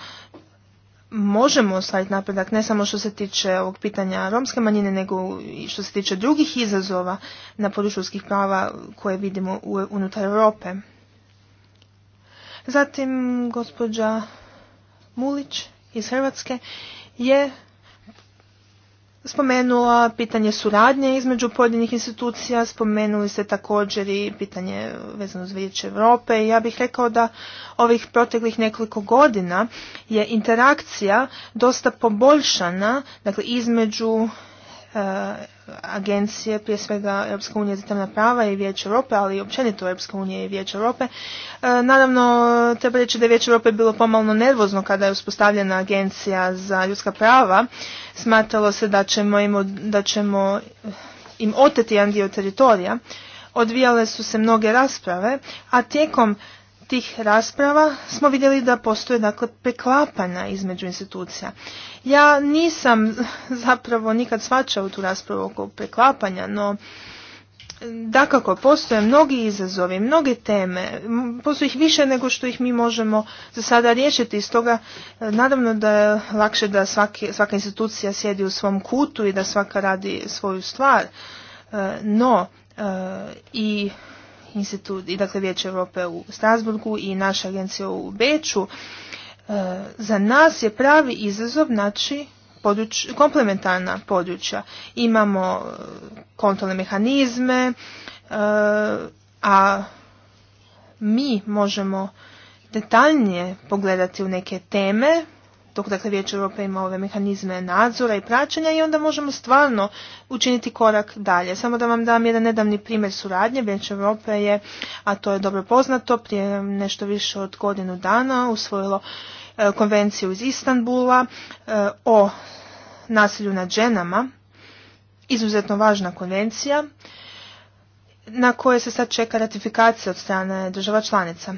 možemo ostvariti napredak ne samo što se tiče ovog pitanja romske manjine, nego i što se tiče drugih izazova na području prava koje vidimo unutar Europe. Zatim gospođa Mulić iz Hrvatske je spomenula pitanje suradnje između pojedinih institucija, spomenuli ste također i pitanje vezano uz Vijeće Europe i ja bih rekao da ovih proteklih nekoliko godina je interakcija dosta poboljšana dakle, između E, agencije, prije svega Europska unija za temna prava i Vijeće Europe, ali i općenito Europska unije i Vijeće Europe. E, naravno, treba reći da je Vijeće Europe bilo pomalno nervozno kada je uspostavljena agencija za ljudska prava. Smatralo se da ćemo im, da ćemo e, im oteti jedan dio teritorija. Odvijale su se mnoge rasprave, a tijekom tih rasprava smo vidjeli da postoje dakle preklapanja između institucija. Ja nisam zapravo nikad svačao tu raspravu oko preklapanja, no dakako postoje mnogi izazovi, mnoge teme, postoji ih više nego što ih mi možemo za sada riješiti. Stoga e, naravno da je lakše da svaka institucija sjedi u svom kutu i da svaka radi svoju stvar. E, no, e, i institut i dakle Vijeće Europe u Strasburgu i naša agencija u Beču, e, za nas je pravi izazov znači komplementarna područja. Imamo e, kontrolne mehanizme, e, a mi možemo detaljnije pogledati u neke teme dok dakle Vijeće Europe ima ove mehanizme nadzora i praćenja i onda možemo stvarno učiniti korak dalje. Samo da vam dam jedan nedavni primjer suradnje. Vijeće Europe je, a to je dobro poznato, prije nešto više od godinu dana usvojilo e, konvenciju iz Istanbula e, o nasilju nad ženama. Izuzetno važna konvencija na koje se sad čeka ratifikacija od strane država članica.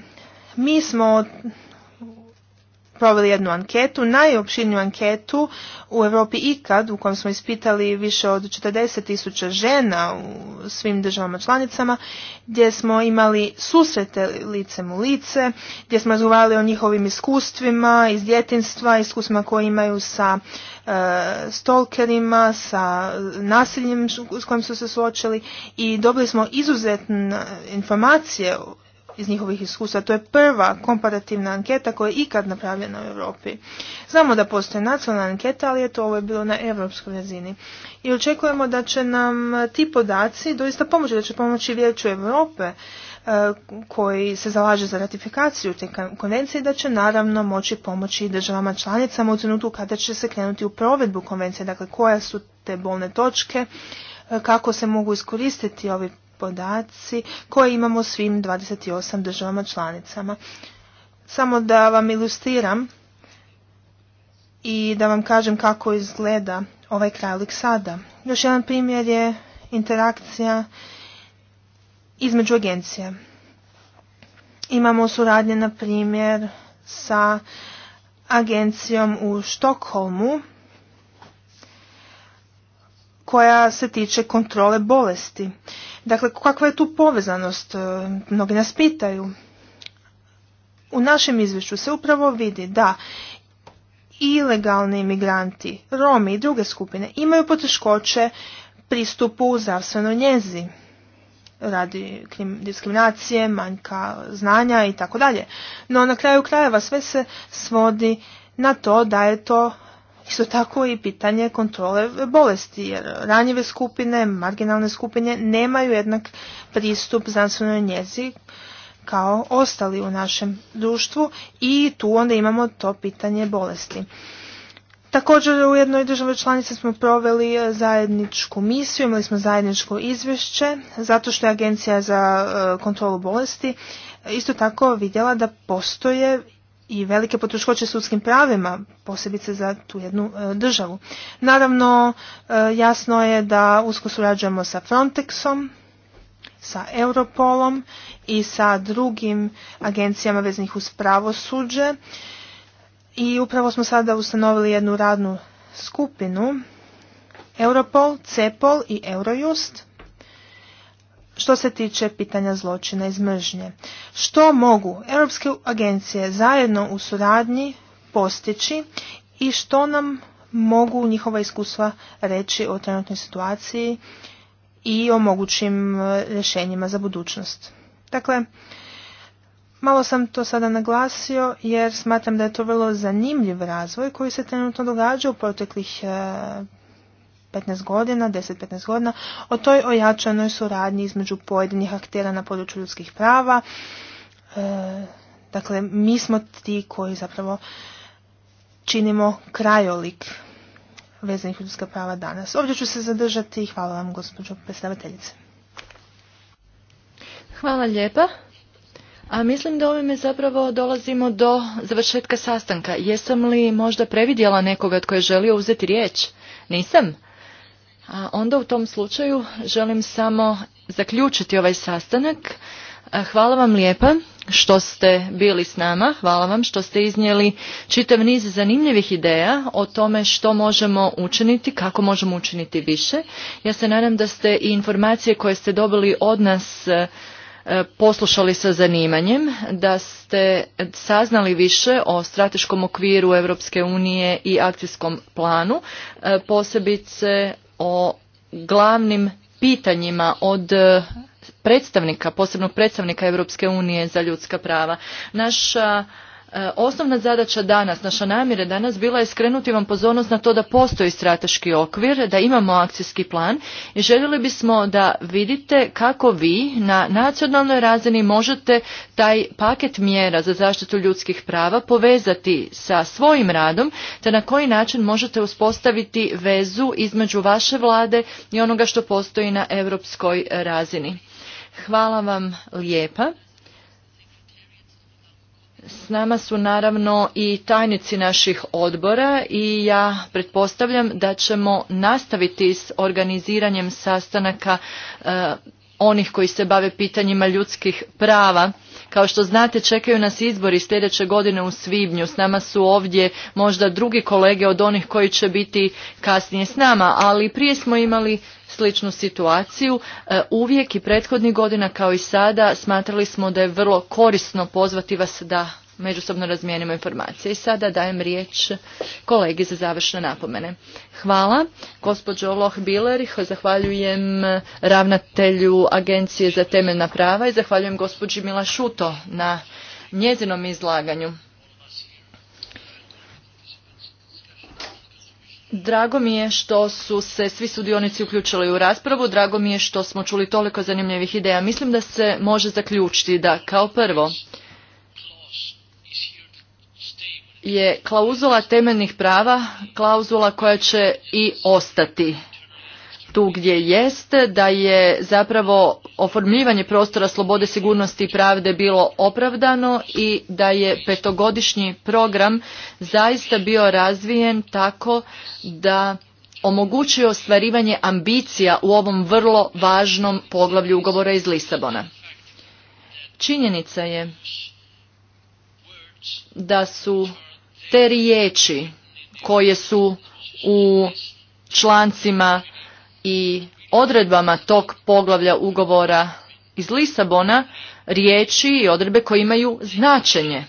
Mi smo proveli jednu anketu, najopširniju anketu u Europi ikad, u kojem smo ispitali više od 40.000 žena u svim državama članicama, gdje smo imali susrete licem u lice, gdje smo razgovarali o njihovim iskustvima iz djetinstva, iskustvima koje imaju sa e, stalkerima, sa nasiljem s kojim su se suočili i dobili smo izuzetne informacije iz njihovih iskustva. To je prva komparativna anketa koja je ikad napravljena u Europi. Znamo da postoje nacionalna anketa, ali je to ovo je bilo na europskoj razini. I očekujemo da će nam ti podaci doista pomoći, da će pomoći Vijeću Europe e, koji se zalaže za ratifikaciju te konvencije da će naravno moći pomoći državama članicama u trenutku kada će se krenuti u provedbu konvencije, dakle koja su te bolne točke, e, kako se mogu iskoristiti ovi podaci koje imamo svim 28 državama članicama. Samo da vam ilustriram i da vam kažem kako izgleda ovaj krajolik sada. Još jedan primjer je interakcija između agencija. Imamo suradnje, na primjer, sa agencijom u Štokholmu koja se tiče kontrole bolesti. Dakle, kakva je tu povezanost? E, mnogi nas pitaju. U našem izvješću se upravo vidi da ilegalni imigranti, Romi i druge skupine imaju poteškoće pristupu zdravstvenoj njezi radi diskriminacije, manjka znanja i tako dalje. No na kraju krajeva sve se svodi na to da je to Isto tako i pitanje kontrole bolesti, jer ranjive skupine, marginalne skupine nemaju jednak pristup znanstvenoj njezi kao ostali u našem društvu i tu onda imamo to pitanje bolesti. Također u jednoj državi članici smo proveli zajedničku misiju, imali smo zajedničko izvješće, zato što je Agencija za e, kontrolu bolesti isto tako vidjela da postoje i velike poteškoće sudskim pravima, posebice za tu jednu e, državu. Naravno, e, jasno je da usko surađujemo sa Frontexom, sa Europolom i sa drugim agencijama veznih uz pravosuđe. I upravo smo sada ustanovili jednu radnu skupinu Europol, CEPOL i Eurojust što se tiče pitanja zločina iz mržnje. Što mogu europske agencije zajedno u suradnji postići i što nam mogu njihova iskustva reći o trenutnoj situaciji i o mogućim e, rješenjima za budućnost. Dakle, malo sam to sada naglasio jer smatram da je to vrlo zanimljiv razvoj koji se trenutno događa u proteklih e, 15 godina, 10-15 godina, o toj ojačanoj suradnji između pojedinih aktera na području ljudskih prava. E, dakle, mi smo ti koji zapravo činimo krajolik vezanih ljudska prava danas. Ovdje ću se zadržati i hvala vam gospođo predstavateljice. Hvala lijepa. A mislim da ovime zapravo dolazimo do završetka sastanka. Jesam li možda previdjela nekoga tko je želio uzeti riječ? Nisam? A onda u tom slučaju želim samo zaključiti ovaj sastanak. Hvala vam lijepa što ste bili s nama, hvala vam što ste iznijeli čitav niz zanimljivih ideja o tome što možemo učiniti, kako možemo učiniti više. Ja se nadam da ste i informacije koje ste dobili od nas e, poslušali sa zanimanjem, da ste saznali više o strateškom okviru Europske unije i akcijskom planu, e, posebice o glavnim pitanjima od e, predstavnika, posebnog predstavnika Europske unije za ljudska prava. Naša E, osnovna zadaća danas, naša namjera danas bila je skrenuti vam pozornost na to da postoji strateški okvir, da imamo akcijski plan i željeli bismo da vidite kako vi na nacionalnoj razini možete taj paket mjera za zaštitu ljudskih prava povezati sa svojim radom te na koji način možete uspostaviti vezu između vaše vlade i onoga što postoji na europskoj razini. Hvala vam lijepa. S nama su naravno i tajnici naših odbora i ja pretpostavljam da ćemo nastaviti s organiziranjem sastanaka e, onih koji se bave pitanjima ljudskih prava. Kao što znate, čekaju nas izbori sljedeće godine u Svibnju. S nama su ovdje možda drugi kolege od onih koji će biti kasnije s nama, ali prije smo imali sličnu situaciju. E, uvijek i prethodnih godina kao i sada smatrali smo da je vrlo korisno pozvati vas da međusobno razmijenimo informacije. I sada dajem riječ kolegi za završne napomene. Hvala, gospođo Loh Biler, zahvaljujem ravnatelju Agencije za temeljna prava i zahvaljujem gospođi Mila Šuto na njezinom izlaganju. Drago mi je što su se svi sudionici uključili u raspravu, drago mi je što smo čuli toliko zanimljivih ideja. Mislim da se može zaključiti da kao prvo je klauzula temeljnih prava klauzula koja će i ostati tu gdje jest, da je zapravo oformljivanje prostora slobode, sigurnosti i pravde bilo opravdano i da je petogodišnji program zaista bio razvijen tako da omogućuje ostvarivanje ambicija u ovom vrlo važnom poglavlju ugovora iz Lisabona. Činjenica je da su te riječi koje su u člancima i odredbama tog poglavlja ugovora iz Lisabona riječi i odredbe koje imaju značenje.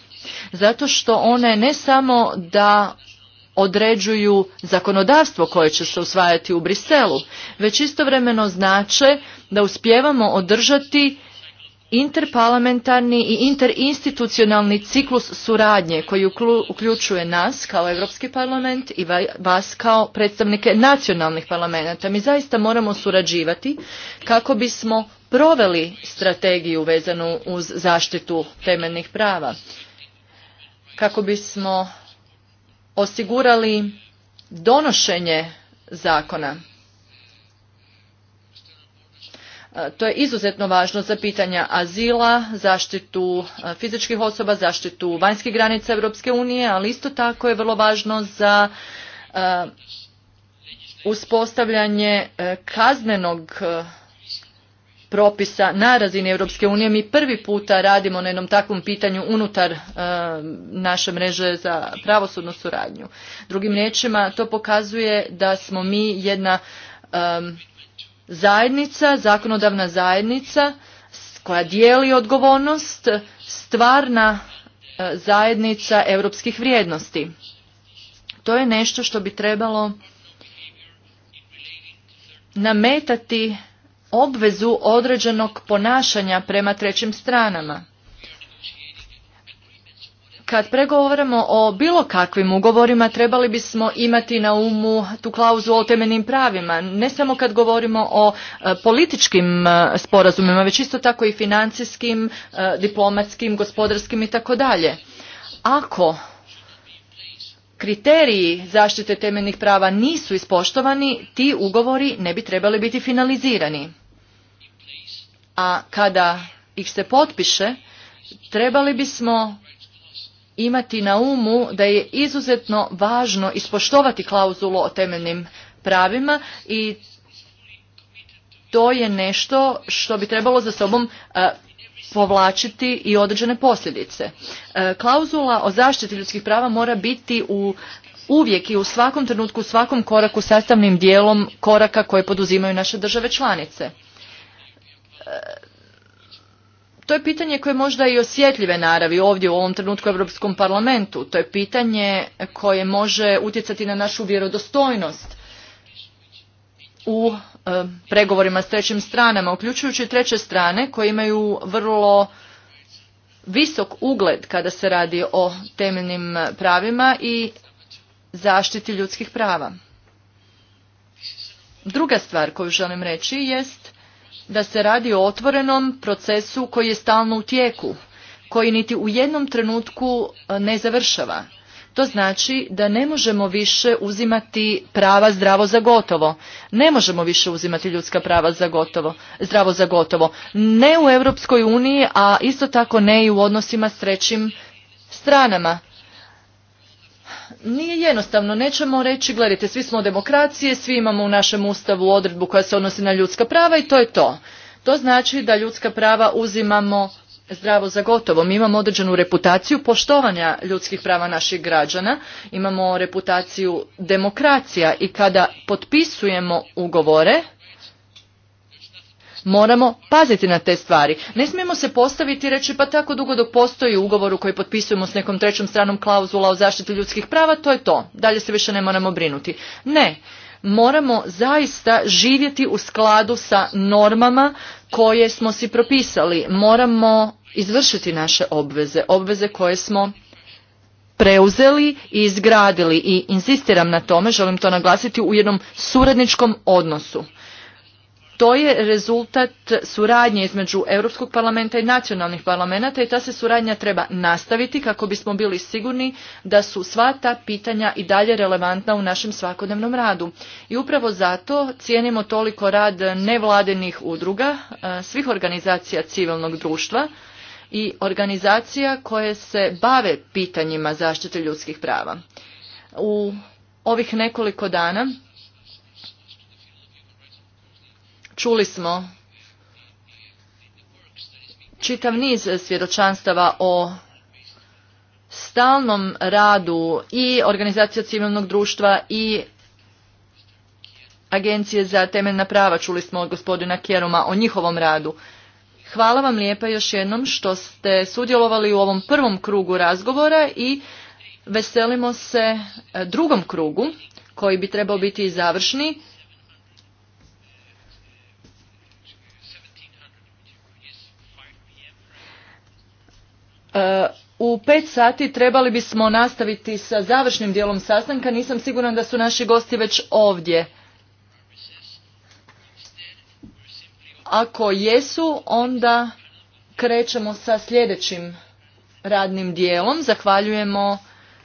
Zato što one ne samo da određuju zakonodavstvo koje će se usvajati u Briselu, već istovremeno znače da uspijevamo održati interparlamentarni i interinstitucionalni ciklus suradnje koji uključuje nas kao Europski parlament i vas kao predstavnike nacionalnih parlamenta. Mi zaista moramo surađivati kako bismo proveli strategiju vezanu uz zaštitu temeljnih prava. Kako bismo osigurali donošenje zakona E, to je izuzetno važno za pitanja azila, zaštitu e, fizičkih osoba, zaštitu vanjskih granica Europske unije, ali isto tako je vrlo važno za e, uspostavljanje kaznenog propisa na razini Europske unije. Mi prvi puta radimo na jednom takvom pitanju unutar naše mreže za pravosudnu suradnju. Drugim riječima, to pokazuje da smo mi jedna zajednica, zakonodavna zajednica koja dijeli odgovornost, stvarna e, zajednica europskih vrijednosti. To je nešto što bi trebalo nametati obvezu određenog ponašanja prema trećim stranama. Kad pregovaramo o bilo kakvim ugovorima trebali bismo imati na umu tu klauzu o temeljnim pravima, ne samo kad govorimo o e, političkim e, sporazumima, već isto tako i financijskim, e, diplomatskim, gospodarskim i tako dalje. Ako kriteriji zaštite temeljnih prava nisu ispoštovani, ti ugovori ne bi trebali biti finalizirani. A kada ih se potpiše, trebali bismo imati na umu da je izuzetno važno ispoštovati klauzulu o temeljnim pravima i to je nešto što bi trebalo za sobom e, povlačiti i određene posljedice. E, klauzula o zaštiti ljudskih prava mora biti u uvijek i u svakom trenutku, u svakom koraku sastavnim dijelom koraka koje poduzimaju naše države članice. E, to je pitanje koje možda i osjetljive naravi ovdje u ovom trenutku u Europskom parlamentu. To je pitanje koje može utjecati na našu vjerodostojnost u e, pregovorima s trećim stranama, uključujući treće strane koje imaju vrlo visok ugled kada se radi o temeljnim pravima i zaštiti ljudskih prava. Druga stvar koju želim reći jest da se radi o otvorenom procesu koji je stalno u tijeku, koji niti u jednom trenutku e, ne završava. To znači da ne možemo više uzimati prava zdravo za gotovo. Ne možemo više uzimati ljudska prava za gotovo, zdravo za gotovo. Ne u Europskoj uniji, a isto tako ne i u odnosima s trećim stranama nije jednostavno. Nećemo reći, gledajte, svi smo demokracije, svi imamo u našem ustavu odredbu koja se odnosi na ljudska prava i to je to. To znači da ljudska prava uzimamo zdravo za gotovo. Mi imamo određenu reputaciju poštovanja ljudskih prava naših građana, imamo reputaciju demokracija i kada potpisujemo ugovore, moramo paziti na te stvari. Ne smijemo se postaviti i reći pa tako dugo dok postoji ugovor u koji potpisujemo s nekom trećom stranom klauzula o zaštiti ljudskih prava, to je to. Dalje se više ne moramo brinuti. Ne, moramo zaista živjeti u skladu sa normama koje smo si propisali. Moramo izvršiti naše obveze, obveze koje smo preuzeli i izgradili i insistiram na tome, želim to naglasiti, u jednom suradničkom odnosu. To je rezultat suradnje između Europskog parlamenta i nacionalnih parlamenta i ta se suradnja treba nastaviti kako bismo bili sigurni da su sva ta pitanja i dalje relevantna u našem svakodnevnom radu. I upravo zato cijenimo toliko rad nevladenih udruga, svih organizacija civilnog društva i organizacija koje se bave pitanjima zaštite ljudskih prava. U ovih nekoliko dana Čuli smo čitav niz svjedočanstava o stalnom radu i organizacija civilnog društva i Agencije za temeljna prava, čuli smo od gospodina Kjeruma o njihovom radu. Hvala vam lijepa još jednom što ste sudjelovali u ovom prvom krugu razgovora i veselimo se e, drugom krugu koji bi trebao biti završni. E, u pet sati trebali bismo nastaviti sa završnim dijelom sastanka. Nisam siguran da su naši gosti već ovdje. Ako jesu, onda krećemo sa sljedećim radnim dijelom. Zahvaljujemo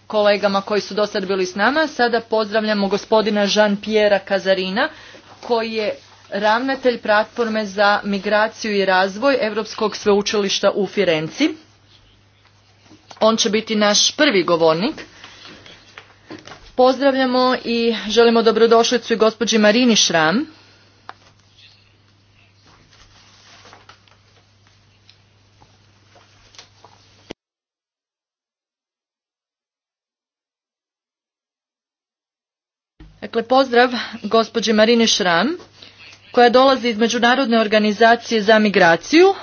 kolegama koji su dosad bili s nama. Sada pozdravljamo gospodina Jean-Pierre Kazarina koji je ravnatelj platforme za migraciju i razvoj Europskog sveučilišta u Firenci. On će biti naš prvi govornik. Pozdravljamo i želimo dobrodošlicu i gospođi Marini Šram. Dakle, pozdrav gospođi Marini Šram koja dolazi iz Međunarodne organizacije za migraciju. E,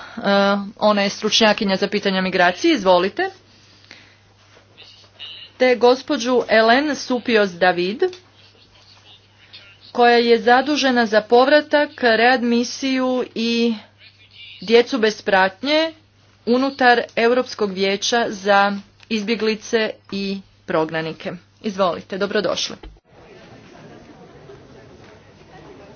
ona je stručnjakinja za pitanje migracije. Izvolite te gospođu Elen Supios David, koja je zadužena za povratak, readmisiju i djecu bez pratnje unutar Europskog vijeća za izbjeglice i prognanike. Izvolite, dobrodošli.